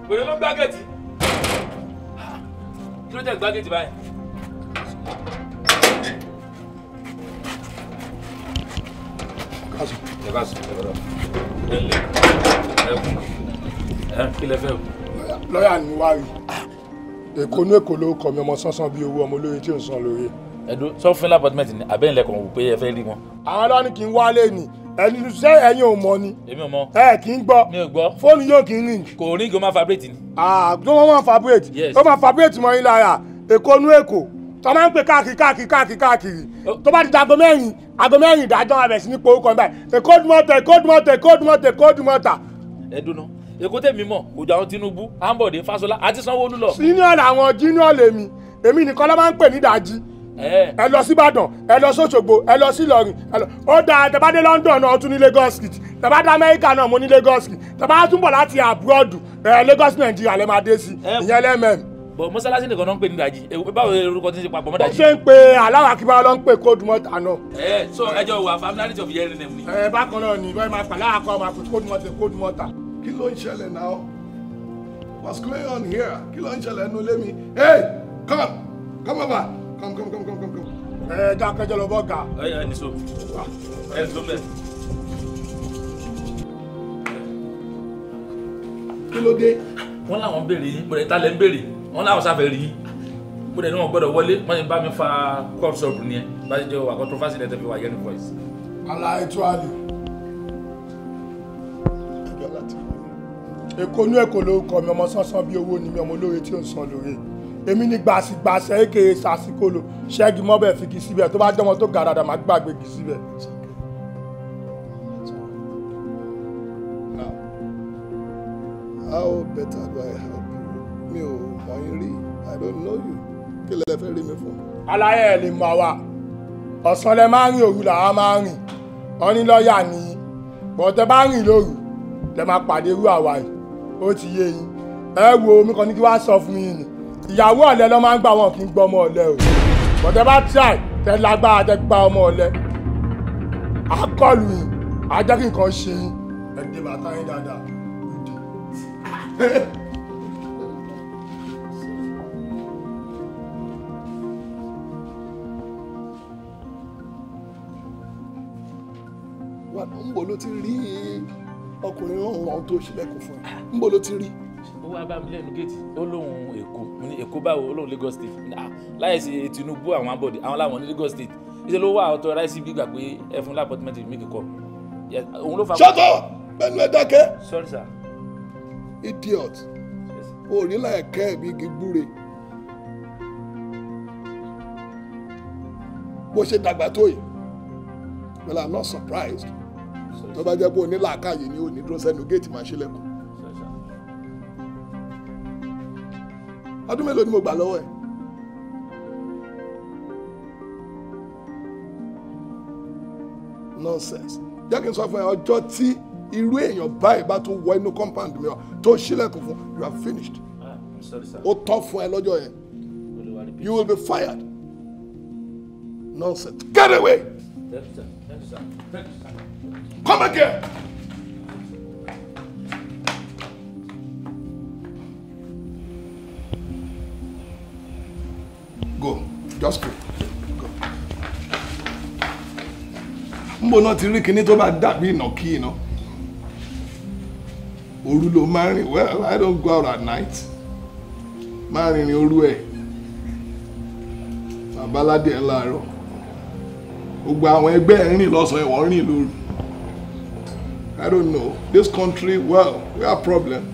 Bọ̀dé ló ń gbágẹ́tì. Kí ló jẹ́ gbágẹ́tì báyìí? Kásù. Ẹ bá sùn. Ẹ bá sùn. ẹ̀lẹ́ ẹ̀ kí ni wá rí èkó ní èkó ló kọ mi ọmọ sánsán bíi owó ọmọ olóye tí ò ń san lóye. ẹ̀dùn sọ́fún lápọ́tímẹ́ǹt ni àbẹ́yìnlẹ́kọ̀ wò pé ẹ fẹ́ rí wọn. àwọn ọlọ́ni kì í wálé ni ẹni ṣé ẹ̀yin ò mọ̀ ni. èmi ò mọ̀. ẹ kì í gbọ́. mi ò gbọ́. fóònù yóò kì í rìn. kò ríngì ó máa fabrate ni. àà ah, tó wọ́n máa fabrate. yes ó máa fabrate mọ́ yín lára èkó ní èkó tó máa ń pè káàkiri káàkiri káàkiri káàkiri tó bá ti di aago mẹ́rin aago mẹ́rin ìdájọ́ abẹ̀ sí ní pé orúkọ báyìí tẹ̀kọ́dù mọ́tà tẹ̀kọ́dù mọ́tà tẹ̀kọ́dù mọ́tà tẹ̀kọ́dù mọ́tà. ẹ dunu èkó tèmi mọ òjò àwọn Tinubu Ambode Fasola àti Sanwó-Olú lọ. senior làwọn junior lèmi èmi nìkan ló máa ń pè ní ìdájí ẹ lọ síbàdàn ẹ lọ sọ́ṣogbo ẹ lọ sí ìlọrin ẹ lọ ó dáa tẹ London náà tún ní Lagos street tẹ bá dé Amẹ́ríkà náà mo ní Lagos street tẹ bá tún bọ̀ láti bọ mọ́sálásí nìkan náà ń pè ní ìdajì báwo orúkọ tí ń ṣe papọ̀ mọ́ ó ṣe ń pe aláwọ̀ akíbá ló ń pe kódùmọ́ta náà. ẹ so ẹjọ wà familiarity of hearing name ni. ẹ bákan náà ni bẹ́ẹ̀ máa pàlẹ́ àkọ́ máa pe kódùmọ́ta kódùmọ́ta. kí ló ń ṣẹlẹ̀ náà what's going on here kí ló ń ṣẹlẹ̀ nínú ilé mi hey come come over come come come come come come. ẹ dákẹ́jọ lọ bọ́ ga. ẹ ẹ nìṣó ẹ nìṣó bẹ́ẹ̀. kí wọ́n láwọn béèrè yín pẹ̀lú ìtàlẹ̀ ń béèrè wọn láwọn sáfẹ́ rí mo dẹ̀ ní wọn gbọ́dọ̀ wọlé wọn yẹn bá mi fa crop syrup nìyẹn bá ti jẹ́ wà controversy lẹ́tẹ̀ fi wà yẹn voice. alaye tó a èkó inú èkó lórúkọ mi ọmọ sánsán bíi owó ni mi ọmọ olóore tí ò ń san lóore èmi ni gbàsìgbàsẹ̀ èké sàsìkòlò ṣẹ́gi mọ́bẹ̀ fi kì í síbẹ̀ tó bá jẹ́ tó gàdàdà má gbàgbé kì síbẹ̀. How better do I have? yín rí i don't know you kí lẹ fẹ́ rí mi fún. aláyẹ̀ ẹ̀ lè mọ̀ wá ọ̀sán lẹ máa ń rìn òru làwa máa ń rìn ọní lọ́ọ̀yà ni bọ̀tẹ́ bá rìn lóru lẹ máa pàdé irú àwa yìí ó ti yé yín ẹ wo omi kan ní kí wàá sọ fún yín ni ìyàwó ọ̀lẹ lọ́ máa ń gbà wọn kì í gbọ́ ọmọ ọ̀lẹ o bọ̀tẹ́ bá tíráì tẹ lágbára tẹ gba ọmọ ọ̀lẹ akọlù yìí ajá kí nǹkan ṣe yín ẹ dé bàtà yín dáadáa. ń bò ló ti rí ọkùnrin ọ̀hún tó ṣílẹ̀kùn fún ẹ ń bò ló ti rí. ó wá bá mi lẹ́nu géètì ó lóun èkó èkó báwo ó lóun Lagos state ah, láyé sí Tinubu àwọn abọ́dé àwọn làwọn ní Lagos state iṣẹ́ ló wà ọ̀tọ̀ ráìsì gbígbà pé ẹ fún lápọ̀tímẹ́tì mílíkì kọ òun ló fa. ṣọ́tọ̀ pẹ̀lú ẹ dákẹ́. sorry sir. idiot òrìlà ẹ̀kẹ́ mi kì í gbúre. bó ṣe dàgbà tó yìí well i'm not surprised tó bá jẹ́ pé onílàákàyè ni ò dúró sẹ́nu géètì máa ṣílẹ̀kùn. ọdún mélòó ni mo gbà lọ́wọ́ ẹ̀. nonsense jẹ́ kí n sọ fún ẹ ọjọ́ tí irú èèyàn báyìí bá tún wọ inú compound mi wá tó ṣílẹ̀kùn fún you are finished ó tọ́ fún ẹ lọ́jọ́ yẹn you will be fired nonsense get away. Thank you, sir. Thank you, sir. Thank you. Come again. Go. Just go. Go. Mbọ náà ti rí kinní tó bá dàbí ìnàkí iná. Òru ló máa ń rìn. Well, I don't go out at night. Marry rìnrìn òru ẹ̀. Bàbá aládé ẹ̀ láàárọ̀. Gbogbo àwọn ẹgbẹ́ ẹ̀ rìn lọ́sàn-án ìwọ̀n rìn lóru. I don't know. This country, well, we have problem.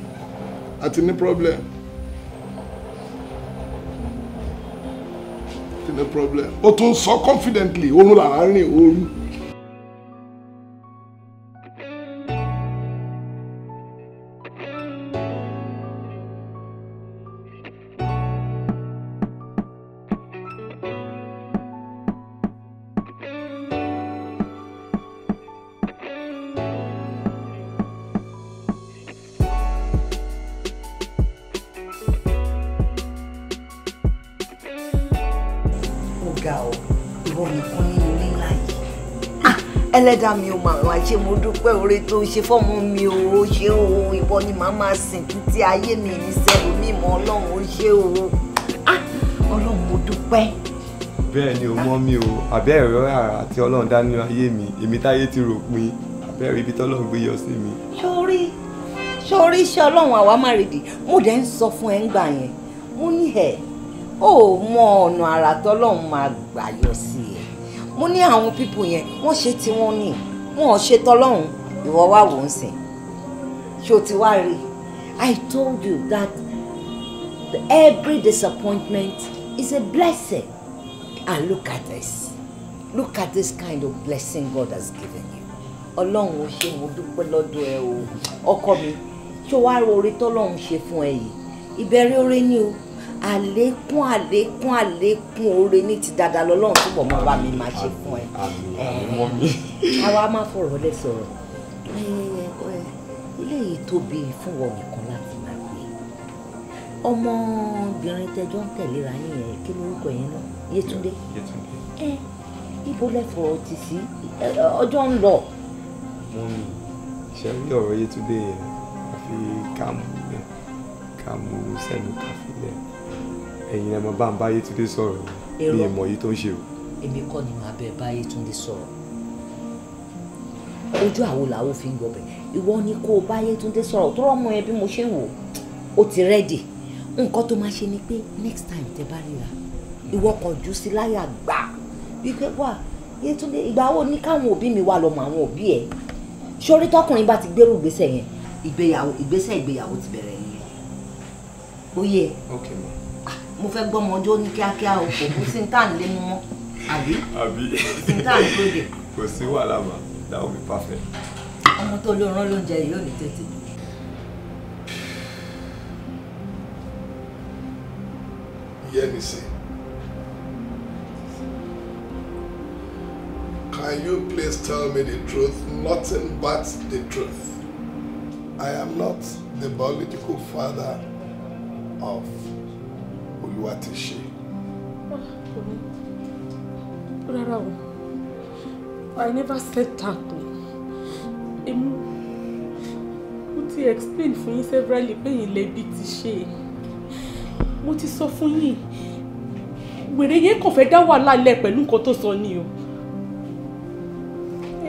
Àti ní problem. Àti ní problem. But tún sọ confidently, òun làárín òru. ẹlẹ́dàá mi ò mà wá ṣe mo dúpẹ́ oore tó ṣe fọ́mọ mi ò ó ṣe o ìwọ ni màá máa sìn títí ayé mi ní sẹ́wọ̀n mi mọ́ ọlọ́run ó ṣe o ah, ọlọ́run mo dúpẹ́. bẹ́ẹ̀ ni o mọ́ mi o àbẹ́ ẹ̀rọ àrà àti ọlọ́run dá ayé mi èmi táyé ti rò pin àbẹ́ ẹ̀rọ ibi tọ́lọ́run gbé yọ sí mi. sórí sórí iṣẹ́ ọlọ́run àwa má rèdì mo dẹ̀ ń sọ fún ẹ ń gbà yẹn mo ní ẹ̀ ó mọ ọ̀nà àrà tọ́lọ́run máa gbà yọ sí ẹ mo ní àwọn pípò yẹn wọ́n ṣe tí wọ́n ní wọn ṣe tọ́lọ́hún ìwọ wà wò ń sìn ṣé o ti wá rí i told you that every disappointment is a blessing and look at this look at this kind of blessing God has given you ọlọ́run ò ṣe mo dúpẹ́ lọ́dọ̀ ẹ o ọkọ mi ṣé o wá rí orí tọ́lọ́run ṣe fún ẹ yìí ìbẹ̀rẹ̀ oore ni o àlékún àlékún àlékún oore ní ti dada lọ́lọ́run túbọ̀ mọ́ bá mi máa ṣe fún ẹ àwa máa fọ̀rọ̀ lẹ sọ̀rọ̀ ilé yìí tóbi fún wọn nìkan láti máa gbé ọmọbìnrin tẹjọ ń tẹ̀léra yín yẹn kí lórúkọ yẹn náà Yétúndé ẹ ibo lẹfọ ti sí ọjọ́ ń lọ. mo ní ṣe rí ọ̀rọ̀ Yétúndé yẹn àfi ká mú sẹ́nu káfílẹ̀ ẹ̀yin ẹ̀ mọ bá ń bá Yétúndé sọ̀rọ̀ ní ìmọ̀ yìí tó ń ṣe o. èmi kọ́ ni màá bẹ̀ bá Yétúndé sọ̀rọ̀ ojú àwo làwo fi ń gbọbẹ̀ ìwọ ni kó o bá Yétúndé sọ̀rọ̀ tó rọ́mọ yẹn bí mo ṣe wò ó ti rẹ́dì nǹkan tó máa ṣe ni pé next time tẹ bá ríra ìwọ kan jù sí láyà gbà wípé wà Yétúndé ìgbà wo ni káwọn òbí mi wà lọ́mọ àwọn òbí ẹ̀ sórí tọkùnrin bá ti gbérù ìgbésẹ̀ yẹn ìgbéyàwó ìgbésẹ̀ ìgbéyàwó ti bẹ̀rẹ̀ nìyẹn ó yẹ. okay ma mo fẹ́ gbọ́mọ ọjọ́ ní kíákíá o kò kú sí ntàn mọ́ àbí àbí tó dé. kò sí wàhálà mà that would be perfect. ọmọ tó ló rán lóúnjẹ yìí ò ní tẹ́tí. Yẹ́misí, can you please tell me the truth, nothing but the truth? I am not the political father of olúwa ti ṣe. Ah, rárá o i never said that o èmi mo ti explain fún yín severally pé yín lẹ́bi ti ṣe mo ti sọ fún yín wèrè yẹn kàn fẹ́ dá wàhálà lẹ̀ pẹ̀lú nǹkan tó sọ ni o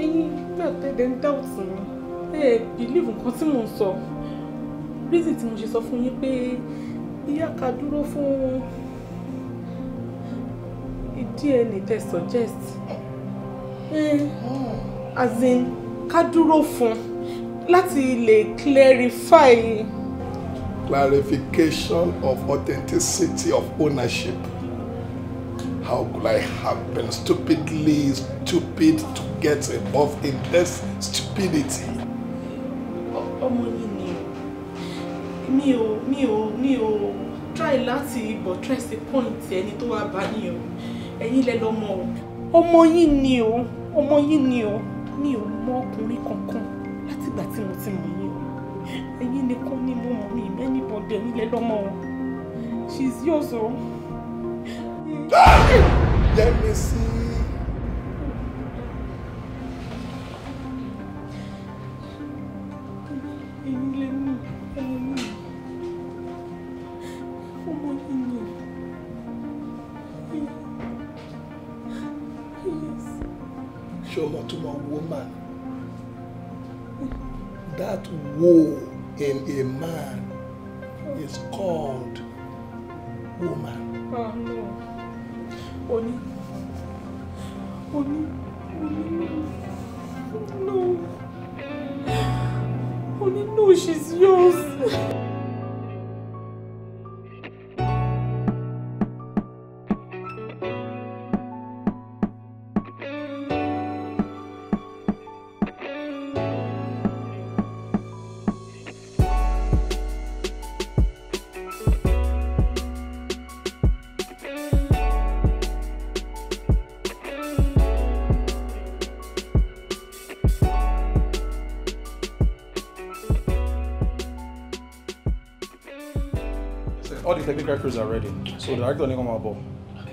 ẹ̀yin náà tẹ̀lé ń dá òtún mi ẹ bìlíìfù nǹkan tí mò ń sọ reason tí mo ṣe sọ fún yín pé ìyá ká dúró fún DNA tẹ́ suggest hmm. as in ká dúró fún láti lè clarify. clarification of authenticity of ownership. How could I have been stupidly stupid to get above in this stupidity? mi ò mi ò mi ò try láti buttress point ẹni tó wá bá ní o ẹ̀yin lẹ lọ́mọ o. ọmọ yín ni o ọmọ yín ni o mi ò mọ ọkùnrin kankan látìgbà tí mo ti mọ̀ yín o ẹ̀yin nìkan ni mo mọ̀ mi mẹ́ni bọ̀dẹ̀ ẹ̀yin lẹ lọ́mọ o she is yours o. yẹ́mi sí i. called woman. Oh no. technical crews are ready. So the director ní kó máa bọ̀.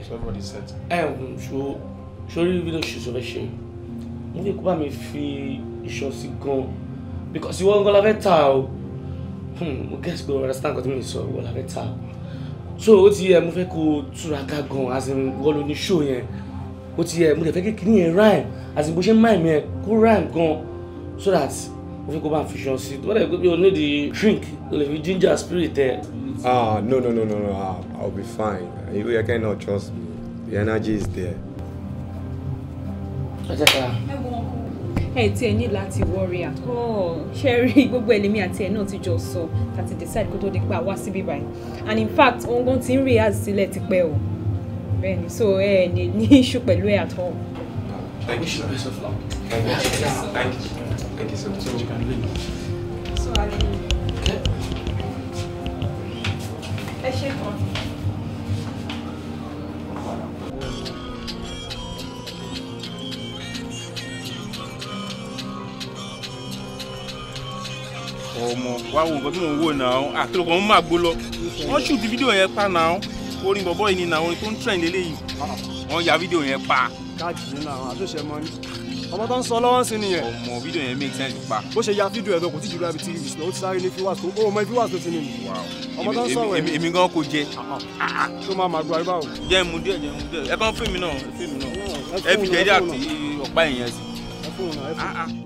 So everybody's is set. Ẹ ṣo sórí video ṣoṣo fẹ́ ṣe. Mo fi kó bá mi fi iṣan sí gan. Because ìwọ nǹkan la fẹ́ ta o. Hmm, mo guess pé o understand nǹkan tí mo sọ ìwọ la fẹ́ ta So ó ti yẹ mo fẹ́ kó túraká gan as in wọ́n lo ní show yẹn. Ó ti yẹ mo lè fẹ́ kí kìnìyẹn rhyme as in bó ṣe ń máìmí yẹn kó rhyme gan so that o fi kó bá fi ṣan sí i tó bá dẹ̀ o need drink o lè fi ginger spirit ẹ. ah no no no no no ah i'll be fine you yẹ kẹ́ náà trust me the energy is there. ẹ jẹ́ ká ẹ tí ẹ ní láti worry at all ṣe rí gbogbo ẹlẹ́mí àti ẹ náà ti jọ sọ láti decide kó tó di pa wá síbí báyìí and in fact òun gan ti ń rí àzì sílẹ̀ tipẹ́ o bẹ́ẹ̀ ni so ẹ ní issue pẹ̀lú ẹ at all. thank you. Thank you. Thank you. Thank you so much. So you can leave. So I leave. Okay. Ẹ ṣe kan. ọmọ wá wo nǹkan tí mò ń wò náà àtúrò kan ń máa gbó lọ wọn ṣùtì fídíò yẹn pa náà orin bọ̀bọ̀ yìí ni náà orin tó ń trend eléyìí wọn ya fídíò yẹn pa. káàkiri náà àtúnṣe mọ́ ni ọmọ tó ń sọ lọ́wọ́ sí nìyẹn. ọmọ fídíò yẹn make sense pa. bó ṣe ya fídíò ẹ̀ lọ kò tí jùlọ ibi tí ìṣúná ó ti sáré ní fíwàs tó ó mọ fíwàs tó ti ní. ọmọ tó ń sọ wẹ̀. èmi gan kò jẹ. Ah, ah, ah, tó máa máa gbọ́ àríwá o. jẹ́ mu díẹ̀ jẹ́ mu díẹ̀ ẹ kàn fún mi náà fún mi náà ẹ fi jẹ́ jẹ́ àti ọ̀pá ẹ̀yẹn sí. ẹ fún mi náà ẹ fún mi.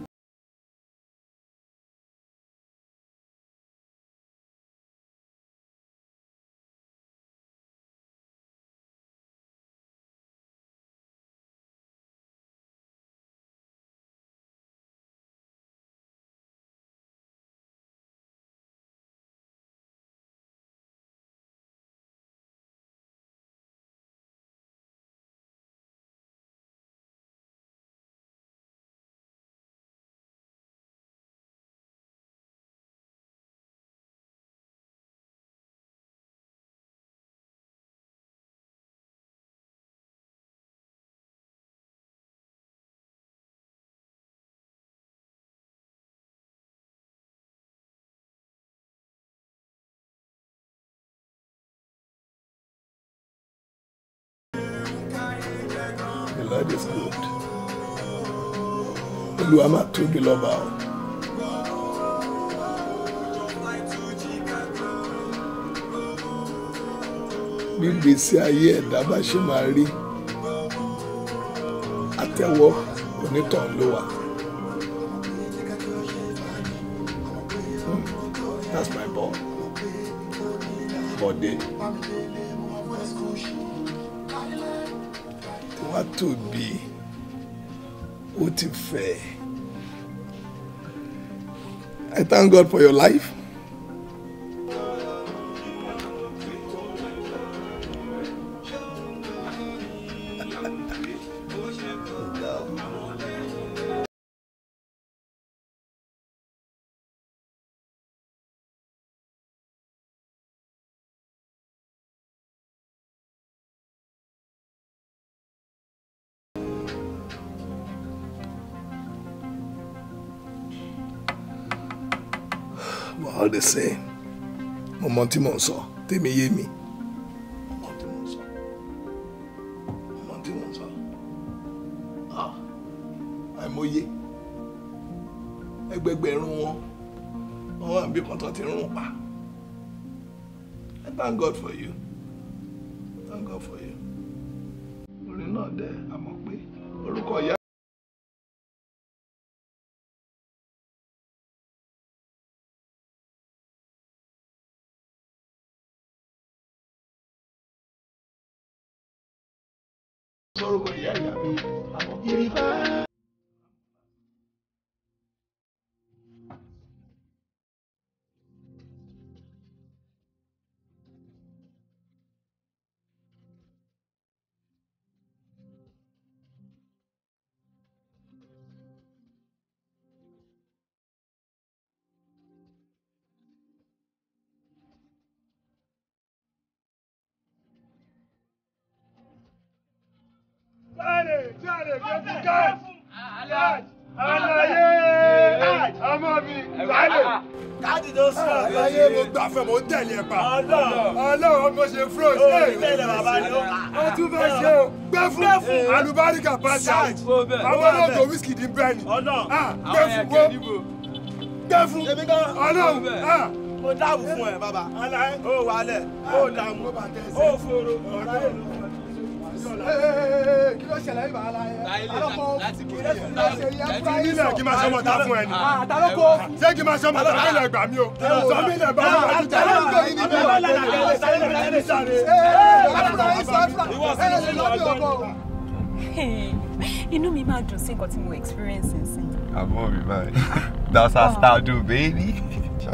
Olúwa máa tóbi lọ́ba o. gbígbèsè ayé ẹ̀dá bá ṣe máa rí àtẹ́wọ́ onítàn ló wà. Hmm, that's my ball. Bọ̀dé. Wá tóbi. beautiful. I thank God for your life. all the same mo mọ tí mò ń sọ tèmi yé mi. mo mọ tí mò ń sọ mo mọ tí mò ń sọ ah àìmọye ẹgbẹgbẹ̀rún wọn wọn wà bí kọ́ńtàn ti rún pa I thank God for you thank God for you orin náà dẹ àmọ́ pé orúkọ ìyá. yeah, afẹ́ mò ń tẹ̀lé ẹ̀ pa. ọlọ́run ọkọ ṣe froze. ó tẹ̀lé bàbá ló. wọ́n tún fẹ́ ṣe o gbé fún alùbáríkà passage. Ah, àwọn olóògbé wíṣkì dín bẹ́ẹ̀ ni. gbé fún wo gbé fún ọlọ́run. Ah. mo dáàbò fún ẹ bàbá. ó wà á lẹ̀ dààmú ó fòrò kí ló ṣẹlẹ̀ ibà ala yẹ alọ́kọ̀ ìrẹsì kí máa ṣe ọmọ ta fún inú mi máa dùn sí nǹkan tí mo experience sí. àbọ̀ mi báyìí that's our style do baby.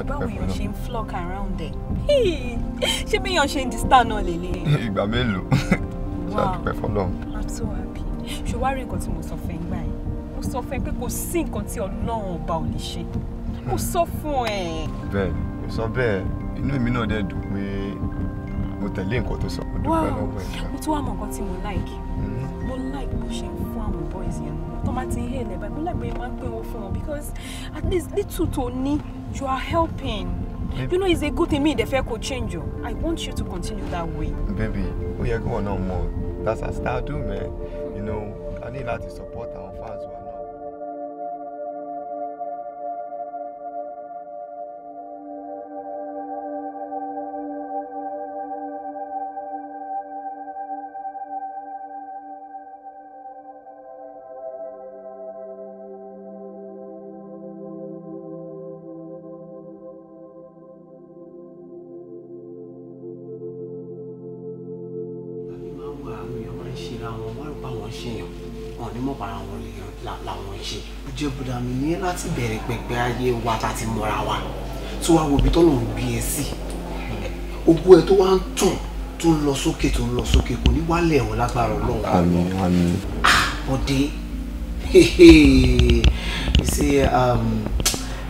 báwo yóò ṣe ń flock around there? ṣé bí yóò ṣe ń disturb náà lélẹ̀. ìgbà mélòó dàdúpẹ́ fọlọ́run. i'm so happy ṣé wàá rí nǹkan tí mo sọ fẹ́ ń gbà yẹn mo sọ fún ẹ pé kò sí nǹkan tí ọlọ́run ọba ò lè ṣe mo sọ fún ẹ. bẹ́ẹ̀ ni mo sọ bẹ́ẹ̀ inú mi náà dẹ̀ dùn pé mo tẹ̀lé nǹkan tó sọ mo dúpẹ́ lọ́wọ́ ẹ̀. mo tún wá mọ nǹkan tí mo like mm-hmm. mo like bó ṣe ń fún àwọn boys yẹn tó máa ti hẹ́ lẹ́bàá mo like bó máa ń pè wọ́n fún wọn because at least little tó ní you are helping you know it's a good thing me ìdẹ́fẹ́ kò change o i want you to continue that way. baby ó yẹ kí wọn náà mọ That's our style, do man. You know, I need that to support our fans. pẹpẹ ayé wa ta ti mọra wa tí wàá wo ibi tọ́lọ̀ ń gbé ẹ sí ogbó ẹ tó wá ń tàn tó ń lọ sókè tó ń lọ sókè kò ní wálẹ̀ ẹ̀wọ̀n lágbára ọlọ́run. àmín àmín. ọdẹ ṣe um,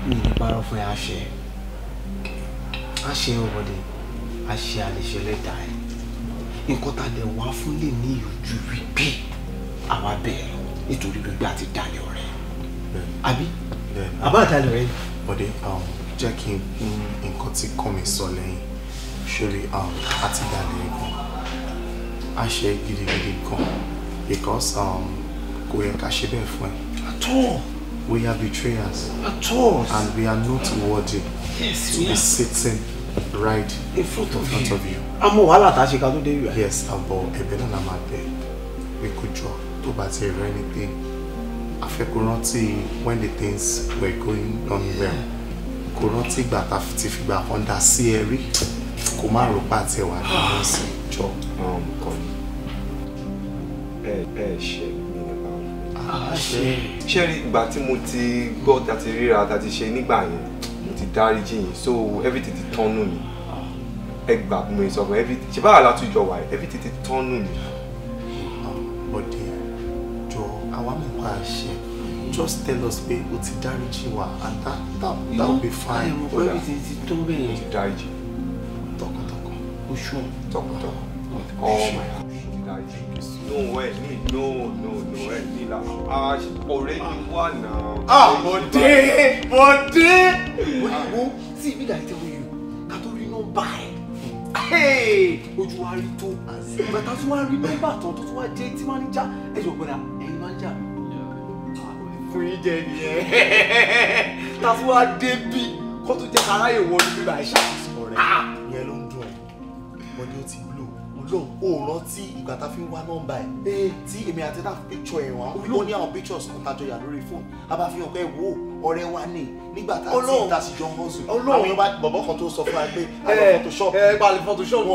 mi ní parọ́ fún ẹ àṣẹ àṣẹ ọ̀bọ̀dẹ àṣẹ àlẹ́ṣẹ lẹ́dà ẹ̀ nǹkan tá a lè wá fún lè ní ìyójú wípé àwa bẹ̀rẹ̀ nítorí gbígbé àti dalẹ̀ ọ̀rẹ́ àbí àbá àtàlẹ̀ rẹ. bọ̀dé um, jẹ́ kí n kún nǹkan tí kàn mí sọ lẹ́yìn ṣòrí um, àti ìdàlẹ̀ gan a ṣe gidigidi gan because um, kò yẹ ká ṣe bẹ́ẹ̀ fún ẹ. at all. we are betrayers. at all. and we are not worthy. yes to be sitting right in front of, in front of you. àmọ́ wàhálà tá a ṣe ká tó dé yìí. yes àbọ̀ ẹ̀bẹ̀ náà la máa bẹ̀ we could draw tó bá ti rẹ́ anything a fẹ́ rántí when the things were going on well kó rántí ìgbà tá a ti fìgbà kan dá sí ẹ rí kó má rò pa àti ẹwà nínú sí jọ. ọ̀rọ̀ nǹkan ni bẹ́ẹ̀ bẹ́ẹ̀ ṣe ṣe ṣe rí ìgbà tí mo ti gbọ́ tá ríra tá ṣe nígbà yẹn mo ti dáríjì yín so everything ti tọ́nú mi ẹ gbà mo sọ fún everything ṣe báyà látújọ wà everything ti tọ́nú mi. ọ̀dẹ̀ àwa mọ̀ àṣẹ just tell us pé o ti dáríjì wa and that that that will be fine. ìwọ ọ̀rẹ́ mi ti ti tó bẹ́ẹ̀. o ti dáríjì. tọkàntọkàn. oṣù. tọkàntọkàn. ọmọ oh ẹ̀ no way me no no no ẹ nílà ah, ọ̀rẹ́ mi wà náà. ah mo dé mo dé. o ní wo tí ibi dàí tẹ́wọ́ yìí ká tó rí nọ́mbà ẹ̀ ojú wa rí tó ìgbà tá a tún wá rí nọ́mbà tán tó tún wá jẹ́ tí máa ń já ẹ̀jọ̀ gbọ́dọ̀ yìí máa ń jà fún yín jẹ nìyẹn tàbí wàá dé bí kó tó jẹ́ kára yìí wọ níbi báyìí ṣàkóso ọ̀rẹ́ ah! yẹn ló ń dùn ẹ̀ wọ́n ni ó ti blow ọlọ́run ò rántí ìgbà tá a fi ń wá nọ́mbà ẹ̀ tí èmi àti tá a fi picture ẹ̀ wọ́n ó ní àwọn pictures kan tájọ yà lórí fóònù a bá fi hàn pé wò ọ̀rẹ́ wa ni nígbà tá a ti ta sí john hustle àwọn yóò bá bọ̀bọ̀ kan tó sọ fún wa pé àwọn eh, photoshop eh, ẹ palẹ̀ photoshop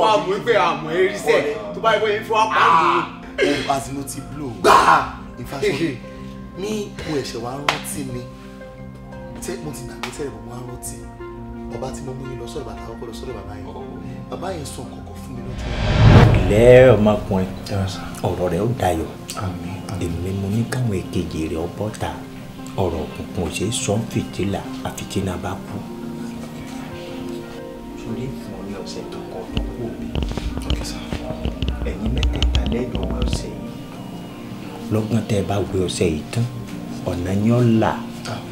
ah! oh, as in o ti fásọlé ní mo ẹ̀ṣẹ̀ wá rántí ni tẹ́ mo ti gbàgbé tẹ́lẹ̀ mo wá rántí ọba tí mo mú yín lọ sọ́dọ̀ bàbá ọkọ lọ sọ́dọ̀ bàbá yẹn oh. bàbá yẹn sọ kọ̀kọ̀ fún mi lọ́jọ́ yẹn. ọmọkùnrin ọ̀rọ̀ rẹ̀ ó dayọ̀ èmi mo ní káwọn èkejì rẹ̀ ọ bọ́ta ọ̀rọ̀ òkùnkùn ṣe sọ fìtílà àfitíná bá kú. sórí mo ní ọ̀sẹ̀ tó kọ́ tó kú mi ẹ̀yin mẹ́tẹ̀ẹ̀ta lẹ́yìn ọ̀rọ̀ lọ́gán tẹ́ ẹ bá wẹ ọṣẹ yìí tán ọ̀nà yín ọ̀ là ah,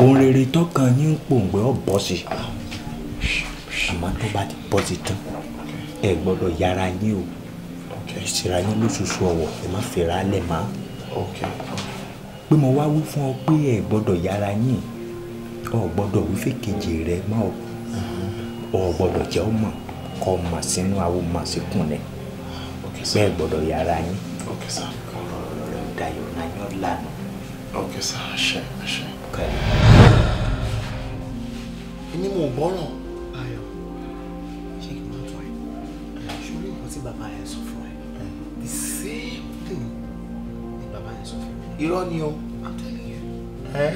ohun rere tọkàn yín ń pòǹgbẹ ọ̀ bọ́ sí ah, àmọ́ tó bá ti bọ́ sí tán ẹ gbọ́dọ̀ yára yín o ìsira yín lóṣooṣù ọ̀wọ̀ ẹ má fèrà lẹ̀ má pé mo wá wí fún ọ pé ẹ gbọ́dọ̀ yára yín ọ gbọ́dọ̀ wí fèkejì rẹ mọ́ mm-hmm. ọ gbọ́dọ̀ jẹ́ ọ mọ̀ kọ́ mà sínú àwọn màsíkùn rẹ bẹ́ẹ̀ gbọ́dọ̀ yára yín. Okay, sir dayọ̀ náà yọ̀ lánàá. Okay sir, àṣẹ àṣẹ. Kẹ́lẹ́. Ẹni mò ń gbọ́ràn. Ayọ̀, ṣé kí n máa fọ ẹ? Ṣorí nǹkan tí The same thing ni bàbá yẹn sọ fún mi. I'm telling you. eh?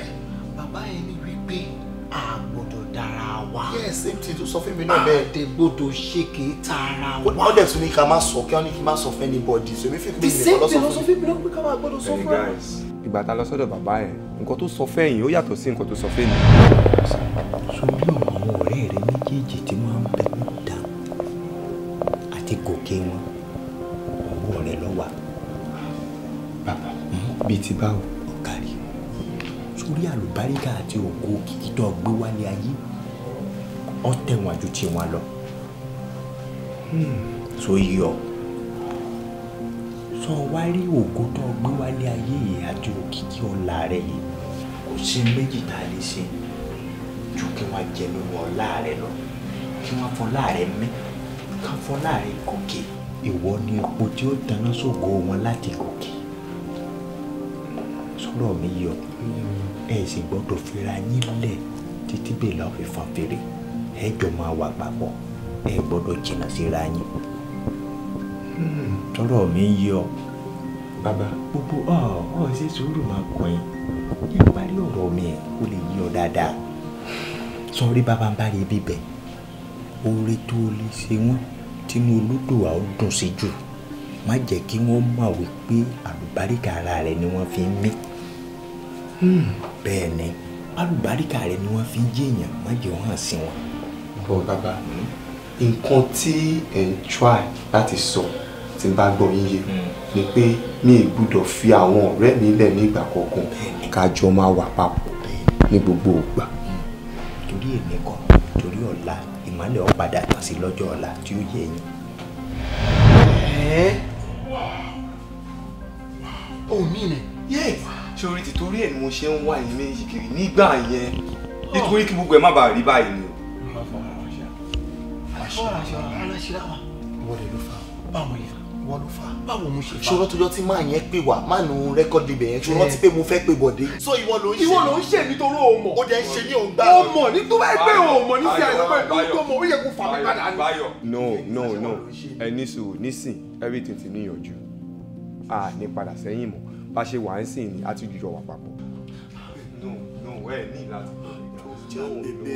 Baba yẹn ní wípé a gbọ́dọ̀ wa. yes same thing tó sọ fún mi náà. àdè ah. gbọ́dọ̀ ṣe kì í ta ara wa. wọ́n dẹ̀ tún ní ká má sọ kí wọ́n ní kí n má sọ fún anybody so èmi fi kí n lè lọ sọ fún mi. ìgbà tá a lọ sọ́dọ̀ bàbá ẹ̀ nǹkan tó sọ fẹ́ yìí ó yàtọ̀ sí nǹkan tó sọ fẹ́ mi. sórí ọ̀rọ̀ àwọn ọ̀rẹ́ rẹ méjèèjì tí wọ́n ń bẹ ní ìdá àti gòkè wọn ọwọ́ rẹ lọ wà. bàbá hmm? bíi ti báwo. ọ̀kàrí sórí àlùbáríkà àti ògo kìkì tó gbé wálé ayé ọ tẹ̀wọ̀n ju tiwọn lọ tó yọ sọ wá rí ògo tó gbé wálé ayé yìí àti òkìkí ọ̀la rẹ yìí kò sí méjì tá a lè ṣe ju kí wọ́n jẹ lówó ọ̀la rẹ lọ kí wọ́n fọlá rẹ mẹ́ ká fọlá rẹ gòkè ìwọ ni epo tí ó tanná sógo wọn láti gòkè sọ̀rọ̀ mi yọ ẹ̀ sì gbọ́dọ̀ fira yín lẹ̀ títí bèèlà fi fan fèrè ẹ jọ máa wà papọ̀ ẹ gbọ́dọ̀ jìnnà síra yín hmm. tọrọ mi ń yé ọ bàbá gbogbo ọ ọ ṣe sùúrù máa kọ yín yín parí ọ̀rọ̀ mi ẹ̀ kó lè yí ọ dáadáa sọrí bàbá ń bá rí bíbẹ̀ oore tó o lè ṣe wọ́n tínú olódùwà ó dùn sí jù má jẹ́ kí wọ́n mọ̀ wípé àlùbáríkà ara rẹ̀ ni wọ́n fi ń mí hmm. bẹ́ẹ̀ ni àlùbáríkà ni wọ́n fi ń jẹ́yàn má jẹ́ wọ́n sí wọn bọ̀ bàbá nǹkan tí ẹ̀ ń try láti sọ tí n bá gbọ́ yín yé hmm. ni pé mi ì gbúdọ̀ fi àwọn ọ̀rẹ́ mi lẹ̀ ní ìgbà kọ̀ọ̀kan ká jọ máa wà papọ̀ ní gbogbo ìgbà. torí èmi kọ́ torí ọ̀la ìmọ̀lẹ̀ ọ̀padà tàn sí lọ́jọ́ ọ̀la tí ó yẹ yín. ó mi nì. ṣé orí títorí ẹ̀ ni mo ṣe ń wá ìmọ̀ èyí nígbà yẹn oh. nítorí kí gbogbo ẹ̀ má bàa rí báyìí ni ṣọ́ra ṣọ́ra ara ṣe ra wa. wọlé ló fà báwo yẹ wọ́n ló fà báwo mo ṣe fà. ṣòro tó yọ tí máa yẹn pè wá máa nu rẹ́kọ̀dì ibẹ̀ yẹn ṣòro ti pé mo fẹ́ pé bọ̀dé. so ìwọ ló ń ṣe ìwọ ló ń ṣe nítorí o mọ̀. ó jẹ́ ń ṣe ní òun gbà. o mọ̀ ní tó bá pé o mọ̀ ní sí àìsàn pẹ̀lú tó mọ̀ ó yẹ kó fà mí padà ní. no no no ẹ ní sùúrù nísìn everything ti níyànjú a ní padà sẹ́yìn mọ́ bá ṣe wà ń sìn ni a ti jùjọ wà papọ̀. no no ẹ ní láti jà bèbè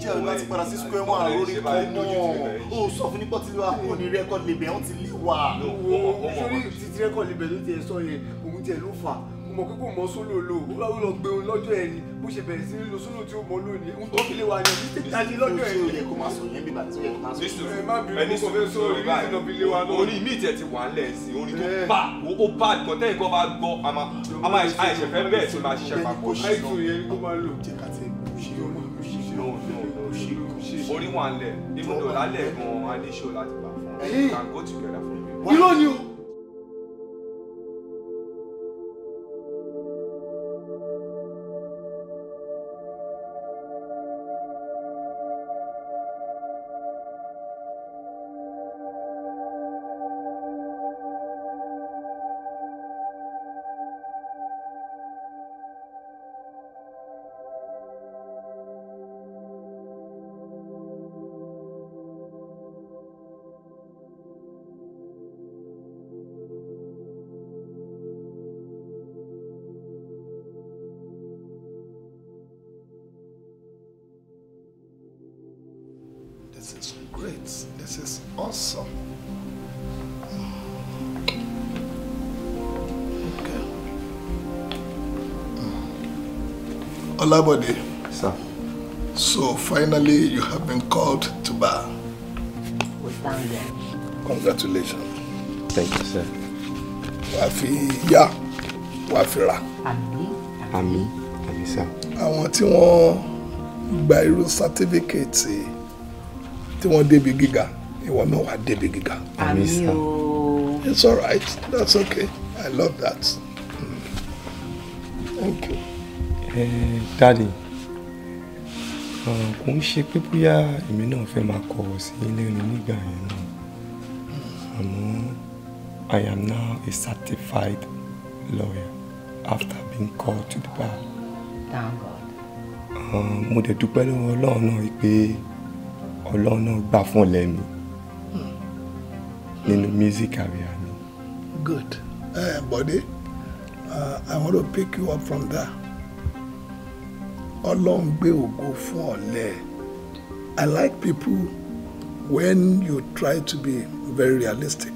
jẹ́ òun láti padà sí square one lórí kọ́mọ́ o sọ fún nípa tí wàá kó ní record label ọ̀hún ti lé wa. sórí títí record label ló tiẹ̀ sọ yẹn òun tiẹ̀ ló fà mo mọ̀ pé kò mọ sólò lò ó bá lọ gbé òun lọ́jọ́ ẹ̀ ni bó ṣe bẹ̀rẹ̀ sí lílo sólò tí ó mọ lónìí òun tó fi wa ni tani lọ́jọ́ ẹ̀ ni. kó má sọ yẹn bíbá tí ó má sọ. ẹ má bínú kó fẹ́ sọ orí mi lọ fi lé wa lọ. orin mi tiẹ̀ ti wà lẹ̀ sí orin tó eh. bá ó bá nǹkan tẹ́yìn kan bá gbọ́ a àìṣẹ̀fẹ́ bẹ́ẹ̀ tí ó ṣiṣẹ́ papọ̀. àìsàn yẹn ni máa lò orí wà ń lẹ̀ even though lálẹ́ gan-an a ní ṣó láti gbà fún un can go together for me. irọ́ ni o. This is great. This is awesome. Okay. Olabode. Mm. Sir. So finally you have been called to bar. We found them. Congratulations. Thank you, sir. Wàfíyá, Wafira. Àmín. Àmín. Àmín, sir. Àwọn tí wọ́n gba certificate. sátífíkẹ̀tì tí wọ́n débi gíga ìwọ náà wà débi gíga. àmì o. it's all right that's okay i love that mm. thank you. ẹ eh, dáàdi kò ń ṣe pé bóyá èmi náà fẹ́ máa kọ̀ sí lẹ́nu nígbà yẹn náà àmọ́ i am now a certified lawyer after being called to the bar. thank god. mo dẹ̀ dúpẹ́ lọ́wọ́ ọlọ́run náà pé ọlọ́run náà gbà fún lẹ́nu nínú music area, mi. good uh, Bọ̀dé uh, I want to pick you up from there ọlọ́run gbé ògo fún ọ̀lẹ I like people when you try to be very realistic.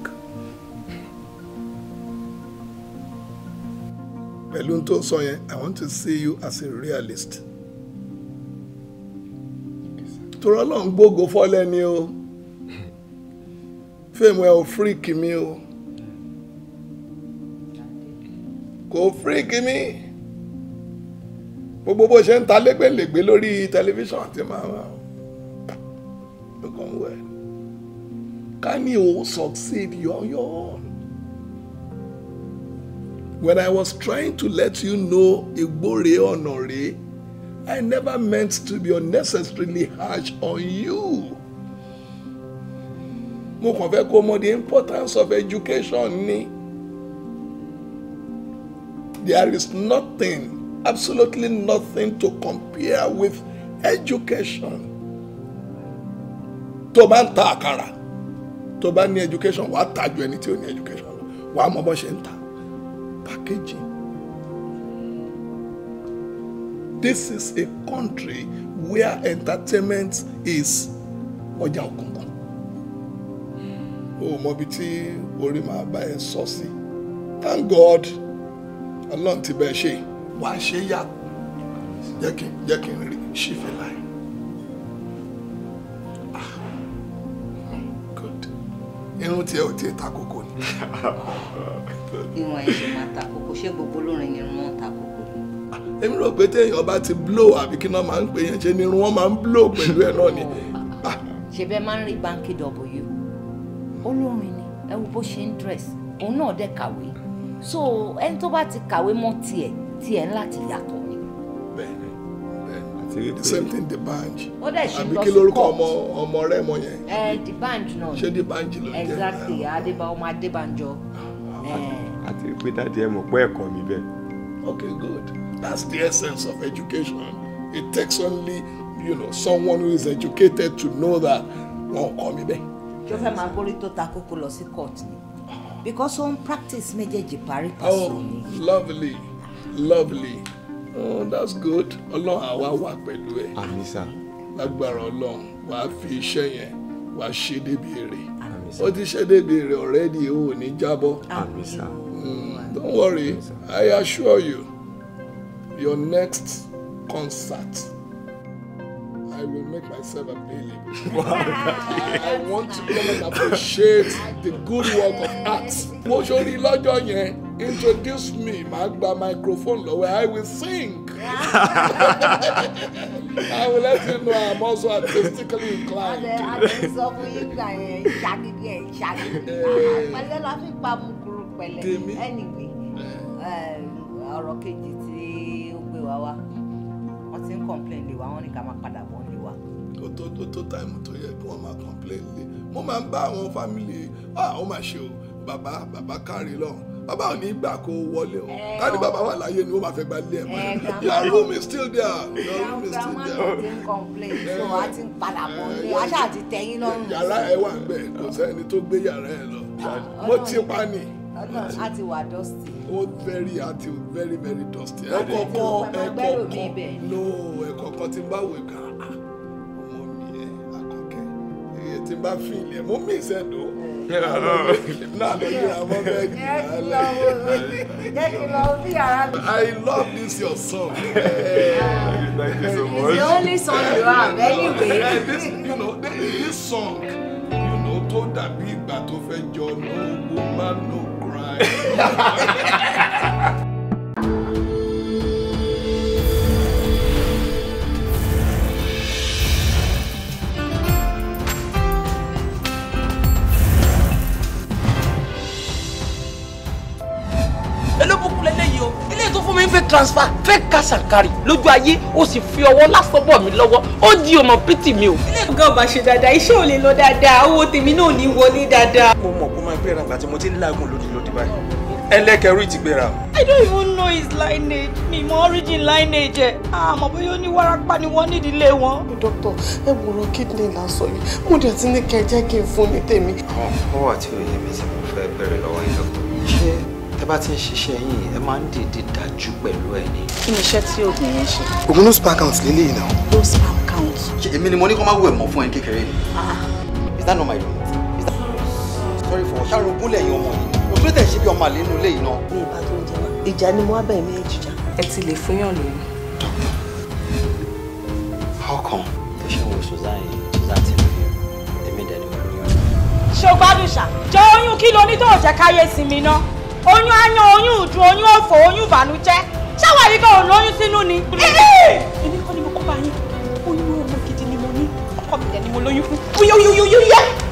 pẹ̀lú tó sọ yẹn I want to see you as a realist torí ọlọ́run gbógo fọ́lẹ́ ni o fèmù ẹ ò fíríkì mi o kò fíríkì mi gbogbo bó ṣe ń ta lẹ́gbẹ̀lẹ́gbẹ̀ lórí tẹlifíṣàn tí màá wà ó kàn wẹ̀ ká ní o succeed you on your own when I was trying to let you know Igbore ọ̀nà rèé. I never meant to be unnecessarily harsh on you. Mo kàn fẹ́ kó mọ the importance of education ni. There is nothing, absolutely nothing to compare with education. Tó bá ń ta àkàrà, tó bá ní education, wàá tà ju ẹni tí ò ní education lọ, wàá mọ bó ṣe ń ta. Packaging. this is a country where entertainment is ọjà òkùnkùn o mọ ibi tí orí máa bá ẹ sọ sí thank god ọlọ́run ti bẹ́ẹ̀ ṣe wà á ṣe yá jẹ́ kí jẹ́ kí n rí ṣìfẹ́ láì. Ah, irun tiẹ̀ ò tiẹ̀ takoko ni. ìwọ̀n ẹ̀ máa takoko ṣé gbogbo olórin ni irun takoko èmi rò pé téèyàn bá ti blow àbí kí náà máa ń pè yẹn ṣe ni irun wọn máa ń blow pẹ̀lú ẹ̀ náà ni. Ah. ṣe bẹ́ẹ̀ máa ń rí báńkì w olórin ni ẹ wo bó ṣe ń dress òun náà dẹ̀ kàwé so ẹni tó bá ti kàwé mọ́ tiẹ̀ tiẹ̀ ńlá ti yàtọ̀ ni. bẹ́ẹ̀ni the same thing the band àbí kí lórúkọ ọmọ ọmọ rẹ mọ yẹn. ẹ the band náà ṣé the band ló jẹ exactly ah. adébá ọmọ adébánjọ. Ah, àti pé dáadé ẹ mọ̀ pé ẹ̀kọ́ mi bẹ́ẹ̀. okay good. That's the essence of education. It takes only, you know, someone who is educated to know that wọ́n kọ́ mi bẹ́ẹ̀. Tó fẹ́ máa borí tó court Because on practice méjèèjì parí oh, pàṣẹ ni. Oh, lovely, lovely. Oh, that's good. Ọlọ́run àwa wà pẹ̀lú ẹ̀. Àmín sà. Lágbára Ọlọ́run, wàá fi iṣẹ́ yẹn, wàá ṣe débi èrè. Àmín sà. Ó ti ṣe débi èrè already, Oh, ò ní jábọ́. Hmm, don't worry, I assure you your next concert, I will make myself available. Wow. I, ah, I want to come and appreciate the good work of arts. Mo ṣorí lọ́jọ́ introduce me màá gba microphone where I will sing. I will let you know I'm also artistically inclined. Eh. Ah, anyway. Uh, ọ̀rọ̀ kejì tí ó gbé wa wá wọ́n ti ń complain lé wa wọ́n ní ká máa padà bọ̀ lé wa. ó tó ó tó táìmù tó yẹ kí wọ́n máa complain lé mo máa ń bá àwọn fámìlì ó máa ṣe o bàbá bàbá káre lọ́hùn bàbá ò ní gbà kó wọlé o káàdì bàbá wà láyé ni ó máa fẹ́ gba ilé ẹ̀ mọ́ your room is still there your room is still there. ọ̀gá máa ń complain so a ti ń padà bọ̀ lé aṣáà ti tẹ̀yìn lọ́rùn. yàrá ẹ wà ń bẹ kò sẹ́ni tó gbé yàrá ẹ lọ ah, mo ti pa ni a ti dusty. ó very àti very very dusty. ẹ̀kọ́ kan no ẹ̀kọ́ kan n bá wẹ̀ ká ah, ọmọ mi ẹ̀ akọ́kẹ́ èyí tí n bá fi ilẹ̀ mú mi ìṣẹ̀dọ̀ I love this your song. Thank you so much. It's the only song you have anyway. this, you know, this song you know, tó dàbí ìgbà tó fẹ́ John, no máa ń lò transfer fẹ́ kásàkárì lójú ayé ó sì fi ọwọ́ lásán bọ̀ mí lọ́wọ́ ó di ọmọ pítì mi o. ilé ìgbà ọba ṣe dáadáa iṣẹ́ ò lè lọ dáadáa owó tèmi náà ò ní wọlé dáadáa. mo mọ̀ kó gbéra gbà tí mo ti ń lágùn lódìlódì báyìí ẹlẹ́kẹ̀rú ti gbéra. I don't even know his lineage mi mọ origin lineage ẹ àmọ́ bóyá ó ní wárápá ni wọ́n nídìílé wọn. dókítà ẹ wò ó kidney la sọ yìí mo dẹ̀ ti ní kẹ́ jẹ́ kí n fún ní tèmi. àwọn kókó wà tí òye mi ti fẹ́ bẹ̀rẹ̀ lọ́wọ́ yìí dókítà ṣé tẹ bá ti ń ṣiṣẹ́ yìí ẹ máa ń dìde dájú pẹ̀lú ẹ ni. kí ni iṣẹ́ tí oògùn ṣe. oògùn ló spa is that not sọ́rí fún ọ gúnlẹ̀ yín ọmọ yìí o tún lè tẹ̀sí bí ọmọ àlè nínú ilé yìí náà. mi ìbá tó ń jẹ wá ìjà ni mo wá bẹ̀rẹ̀ méjì jà. ẹ ti lè fún yàn lóyún. how tó ṣe wo Susan yìí Susan ti lè èmi dẹ̀ ni mo lóyún. ṣé o gbádùn ṣá jẹ oyún kí lo ní tó jẹ káyé sinmi ná oyún ayan oyún ìdùn oyún òfò oyún ìbànújẹ́ ṣáwá yìí kò lóyún sínú ni. èmi kọ́ ni mo kó yín oyún ọmọ gidi ni mo ní ọkọ mi dẹ̀ ni mo lóyún fún.